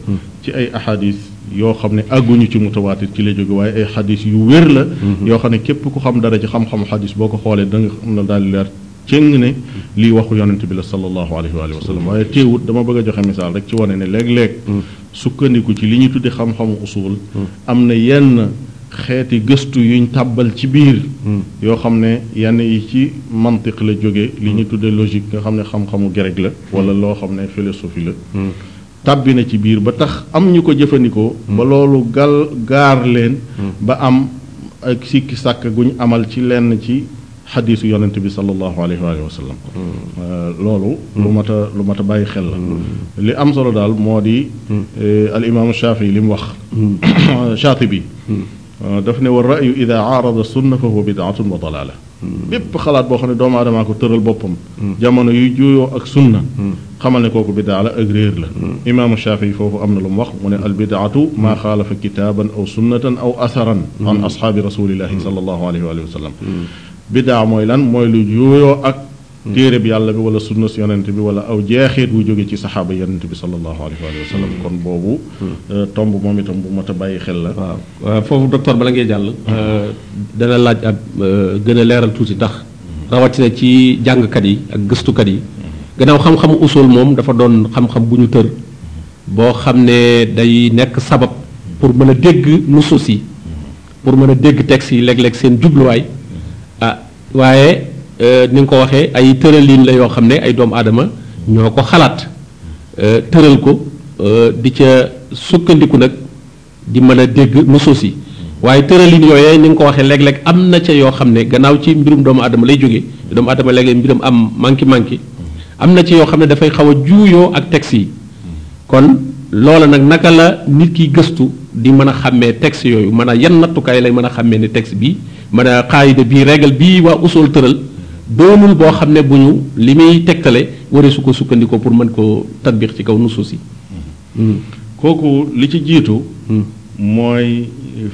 ci ay ahadis yoo xam ne àgguñu ci mutawaatir ci la jóge waaye ay xadis yu wér la yoo xam ne képp ku xam dara ci xam-xamu xadis boo ko xoolee da nga xam na daal leer cëng ne lii waxu yonent bi la sallallahu alayhi wa sallam waaye teewut dama bëgg a joxe misaal rek ci wane ne léeg-léeg sukkandiku ci li ñu tuddi xam-xamu usul am na yenn xeeti gëstu yuñ tàbbal ci biir yoo xam ne yenn yi ci mantiq la jóge li ñu tudde logique nga xam ne xam-xamu grec la wala loo xam ne philosophie la tàbbi na ci biir ba tax am ñu ko jëfandikoo ba loolu gal gaar leen ba am ak sikki sàkk guñ amal ci lenn ci xadiisu yonent bi sallallahu alayhi wa sallam hmm. loolu lu hmm. mat a lu mat a bàyyi xel la hmm. li am solo daal moo di eh, al imaamu shaafi li mu wax <coughs> shaatibi ah, daf ne wa rayu ida aarada sunna fa huwa bidaatun wa dalaala bépp xalaat boo xam ne doomu aadamaa ko tëral boppam jamono yu juuyoo ak sunna xamal ne kooku bidaa la ak réer la imaamu shaafi foofu am na lu mu wax mu ne al bidaatu maa xaalafa kitaaban aw sunnatan aw atharan an ashaabi rasulillahi sallallahu alayhi wa sallam biddaa mooy lan mooy lu juyoo ak téere bi yàlla bi wala sunna si yonent bi wala aw jeexeet wu jóge ci saxaaba yonent bi sallallahu alayhi wa sallam kon boobu euh, tomb moom itam bu mat a bàyyi xel la waaw foofu docteur bala ngay jàll euh, dana laaj ab euh, gën a leeral tuuti ndax rawatina ci jàngkat yi ak gëstukat yi gannaaw xam-xamu usul moom dafa doon xam-xam bu ñu tër boo xam ne day nekk sabab pour mën a dégg nusus si pour mën a dégg texte yi léeg-léeg seen jubluwaay waaye euh, ni nga ko waxee ay tëraliin la yoo xam ne ay doomu aadama ñoo ko xalaat euh, tëral ko euh, di ca sukkandiku nag di mën a dégg nusuus yi waaye tëralin yooyee ni nga ko waxee léeg-léeg am na ca yoo xam ne gannaaw ci mbirum doomu adama lay jóge doomu adama léeg-léeg mbirum am manki manki am na ci yoo xam ne dafay xaw a juuyoo ak texte yi kon loola nag naka la nit ki gëstu di mën a xàmmee texte yooyu mën a yan nattukaay lay mën a xàmmee ne texte bii maanaam xaayida bii régal bii waa usul tëral doonul boo xam ne bu ñu li muy tegtale waree su ko sukkandikoo pour mën koo tatbiq ci kaw nusuus yi hmm. kooku li ci jiitu hmm. mooy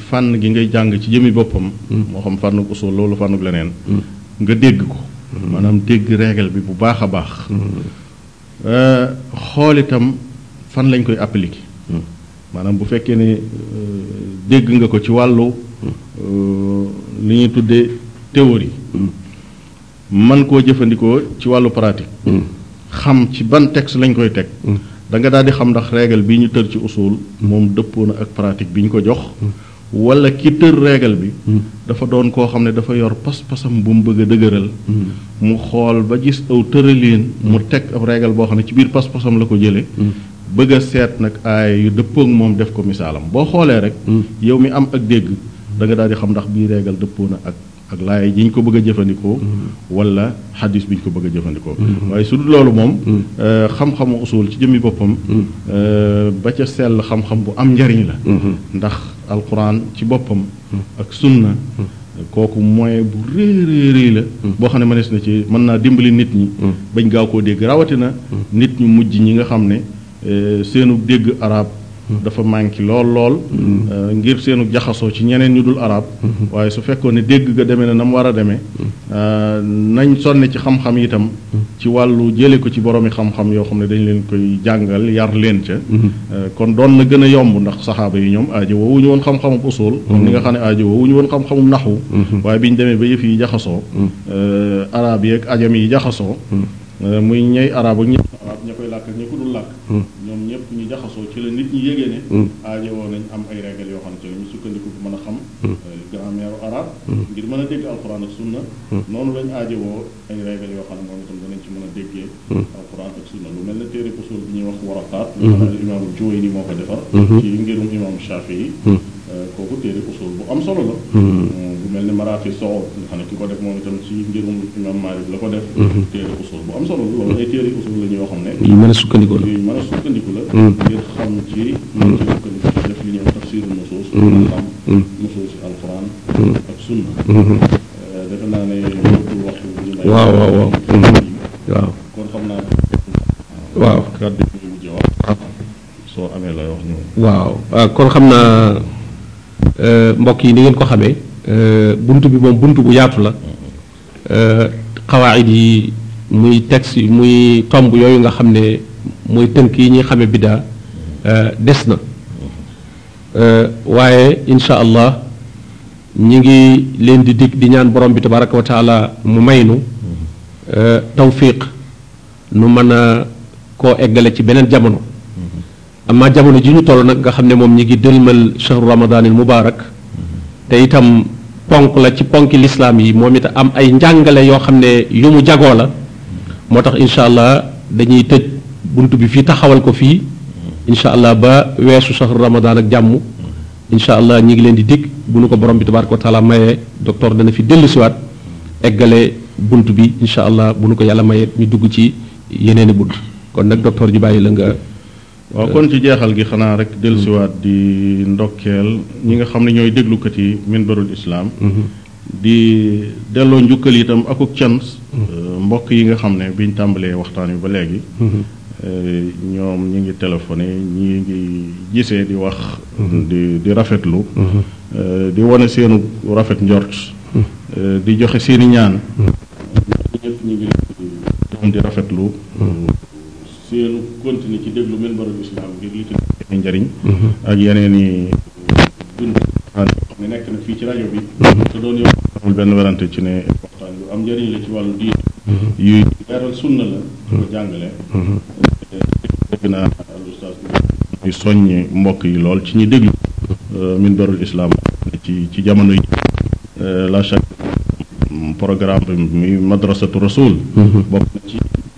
fànn gi ngay jàng ci jëmmi boppam hmm. moo xam fànnuk usul loolu leneen nga dégg ko dégg régal bi bu baax a baax euh, xool fan lañ koy appliquer maanaam bu fekkee ne euh, dégg nga ko ci wàllu euh, li ñuy tuddee théorie man koo jëfandikoo ci wàllu pratique mm. xam ci ban texte lañ koy teg mm. danga nga daal di xam ndax règle bi ñu tër ci usul moom dëppoo na ak pratique bi ñu ko jox mm. wala ki tër règle bi dafa doon koo xam ne dafa yor pas-pasam bu mu bëgg a dëgëral mu xool ba gis aw tëraliin mu teg ab règle boo xam ne ci biir pas-pasam la ko jële bëgg seet nag aay yu dëppoog moom def ko misaalam boo xoolee rek yow mi am ak dégg danga daal di xam ndax bii régal dëppoo na ak ak laay yi ñu ko bëgg a jëfandikoo mm-hmm. walla xadis bi ñu ko bëgg a jëfandikoo mm-hmm. waaye su dul loolu moom mm-hmm. euh, xam-xamu usul ci jëmmi boppam euh, ba ca sell xam-xam bu am njariñ la ndax alquran ci boppam ak sunna kooku moyen bu rëy rëy la boo xam ne mënees na ci mën naa dimbali nit ñi bañ gaaw koo dégg rawatina nit ñu mujj ñi nga xam ne euh, seenu dégg arab dafa manqué lool lool. Mm-hmm. Euh, ngir seenu jaxasoo ci ñeneen ñu dul arab mm-hmm. waaye su fekkoon ne dégg ga demee na na mu war a demee. Mm-hmm. Euh, nañ sonne ci xam-xam itam. ci wàllu jëlee ko ci boroomi xam-xam yoo xam ne dañ leen koy jàngal yar leen ca. Euh, kon doon na gën a yomb ndax saxaaba yi ñoom aajo woowu ñu woon xam-xamub usul. kon ni nga xam ne aajo woowu ñu woon xam-xamub naxwu. waaye bi ñu demee ba yëf yi jaxasoo. arab yi ak ajam yi jaxasoo. muy ñey arab ak ñi arab ña la nit ñi yégee ne hmm. aajowoo nañ am ay régal yoo xam ne ñu sukkandiku bu mën a xam hmm. euh, grammaire arabe hmm. ngir mën a dégg alquran ak sunna noonu lañ aajowoo ay régal yoo xam ne moom itam danañ ci mën a déggee alquran ak sunna lu mel ne téere usul bi ñuy wax waraqaat lu xam imaamul Juwayni moo ko defar ci ngirum imaam Shafii kooku téere usul bu am solo la. Hmm. mel ni Marafi Sow nga xam ne ki ko def moom itam ci ngirum imam Malik la ko def. Hmm. téere usul bu am solo la loolu ay téere usul la ñoo xam ne. yu a sukkandiku la yu a sukkandiku la. Hmm. ngir xam ci. mën ci sukkandiku ci a xam eh, waaw waaw waaw. waaw kon xam naa. Euh, mbokk yi ni ngeen ko xamee euh, bunt bi moom bunt bu yaatu la euh, xawaayid yi muy texte yi muy tomb yooyu nga xam ne muy tënk yi ñuy xamee biddaa des na waaye incha allah ñi ngi leen di dig di ñaan borom bi tabaraka wa mu may nu tawfiq nu mën a ko eggale ci beneen jamono amma jamono ji ñu toll nag nga xam ne moom ñi ngi dëlmal shahru ramadaanil mubaarak te itam ponk la ci ponki lislaam yi moom it am ay njàngale yoo xam ne yu mu jagoo la moo tax incha allah dañuy tëj bunt bi fii taxawal ko fii incha allah ba weesu shahru ramadaan ak jàmm incha allah ñi ngi leen di dikk bu nu ko borom bi tabaaraka wa taala mayee docteur dana fi siwaat eggale bunt bi incha allah bu nu ko yàlla mayee ñu dugg ci yeneeni bunt kon nag docteur ñu bàyyi la waa kon ci jeexal gi xanaa rek dellusiwaat di ndokkeel ñi nga xam ne ñooy déglukat yi minbarul islaam mm-hmm. di delloo njukkal itam akuk cant mm-hmm. mbokk yi nga xam ne biñ tàmbalee waxtaan wi ba léegi mm-hmm. eh, ñoom ñi ngi téléphoné ñi ngi gisee di wax di di rafetlu eh, di wane seenu rafet njort eh, di joxe seeni ñaan ñëpp ñi ngi rafetlu seenu continuer ci déglu Minbarul Islam ngir mhm. ak yeneen i dund waxtaan nekk na fii ci rajo bi mhm. te doon yow benn werante ci ne waxtaan yu am njëriñ la ci wàllu diine mhm. yuy leeral sunna la ko jàngale dégg soññ mbokk yi lool ci ñu déglu euh, Minbarul Islam ci ci jamono yi euh, la chaque programme bi muy madrasatu rasul bokk na ci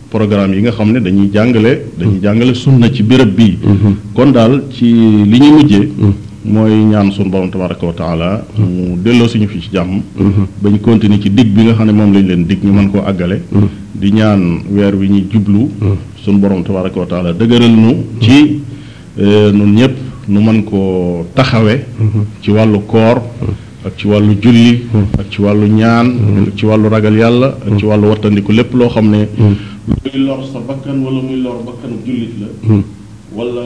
programme yi nga xam ne dañuy jàngale dañuy mm. jàngale sunna ci béréb bii mm-hmm. kon daal ci li ñuy mujjee mm. mooy ñaan suñu borom tabaraka wa taala mm. mu delloo suñu fi ci jàmm mm-hmm. ba ñu ci digg bi nga xam ne moom lañ leen digg ñu mën koo àggale di ñaan weer wi ñuy jublu suñu borom tabaraka wa taala dëgëral nu ci eh, nun ñëpp nu mën koo taxawe mm-hmm. ci wàllu koor ak ci wàllu julli ak ci wàllu ñaan ak ci wàllu ragal yàlla ak ci wàllu wattandiku lépp loo xam ne luy lor sa bakkan wala muy lor bakkanu jullit la hmm. wala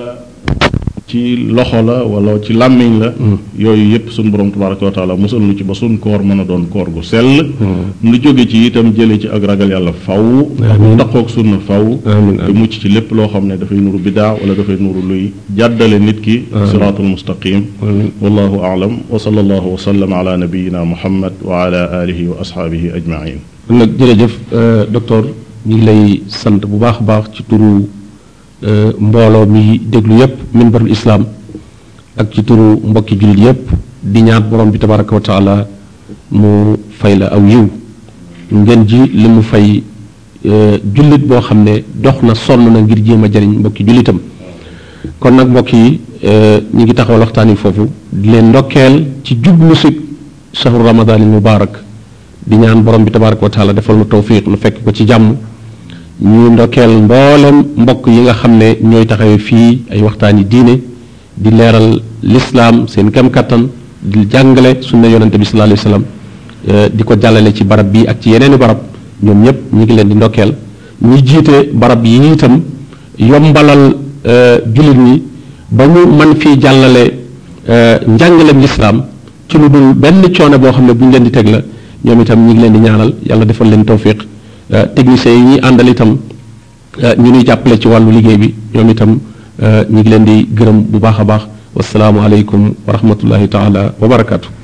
ci loxo la wala ci làmmiñ la hmm. yooyu yépp suñ borom tabaraka wa taala musal nu ci ba suñ koor mën a doon koor gu sell nu hmm. jóge ci itam jële ci ak ragal yàlla faw ak taqoog sunna faw te mucc ci lépp loo xam ne dafay nuru bidaa wala dafay nuru luy jàddale nit ki siraatul mustaqim wallahu aalam wa sallallahu wa sallam ala nabiyina muhammad wa ala alihi wa ashaabihi ajmain nag jërëjëf euh, docteur ñu ngi lay sant bu baax a baax ci turu euh, mbooloo mi déglu yépp minbarul islaam ak ci turu mbokki jullit yépp di ñaan borom bi tabaraka wa mu fay la aw yiw ngeen ji li mu fay euh, jullit boo xam ne dox na sonn na ngir jéem a jariñ mbokki jullitam kon nag mbokk yi euh, ñu ngi taxawal waxtaan yi foofu di leen ndokkeel ci jublu si shahru ramadaanil mubaarak di ñaan borom bi tabaraka wa taala defal nu tawfiq nu fekk ko ci jàmm ñuy ndokkeel mboolem mbokk yi nga xam ne ñooy taxawee fii ay waxtaan yi diine di leeral lislaam seen kem kattan di jàngale sunna yonante bi sallallahu alayhi wasallam eh, di ko jàllale ci barab bi ak ci yeneeni barab ñoom ñëpp ñu ngi leen di ndokkeel ñu jiite barab yi itam yombalal eh, jullit ñi ba ñu mën fii jàllale eh, njàngaleem lislaam ci lu dul benn coono boo xam ne bu ñu leen di teg la ñoom itam ñu ngi leen di ñaanal yàlla defal leen tawfiq Euh, techniciens yi ñuy àndal itam euh, ñu ñuy jàppale ci wàllu liggéey bi ñoom itam euh, ñu ngi leen di gërëm bu baax a baax wasalaamualeykum wa rahmatullahi taala wa barakaatu.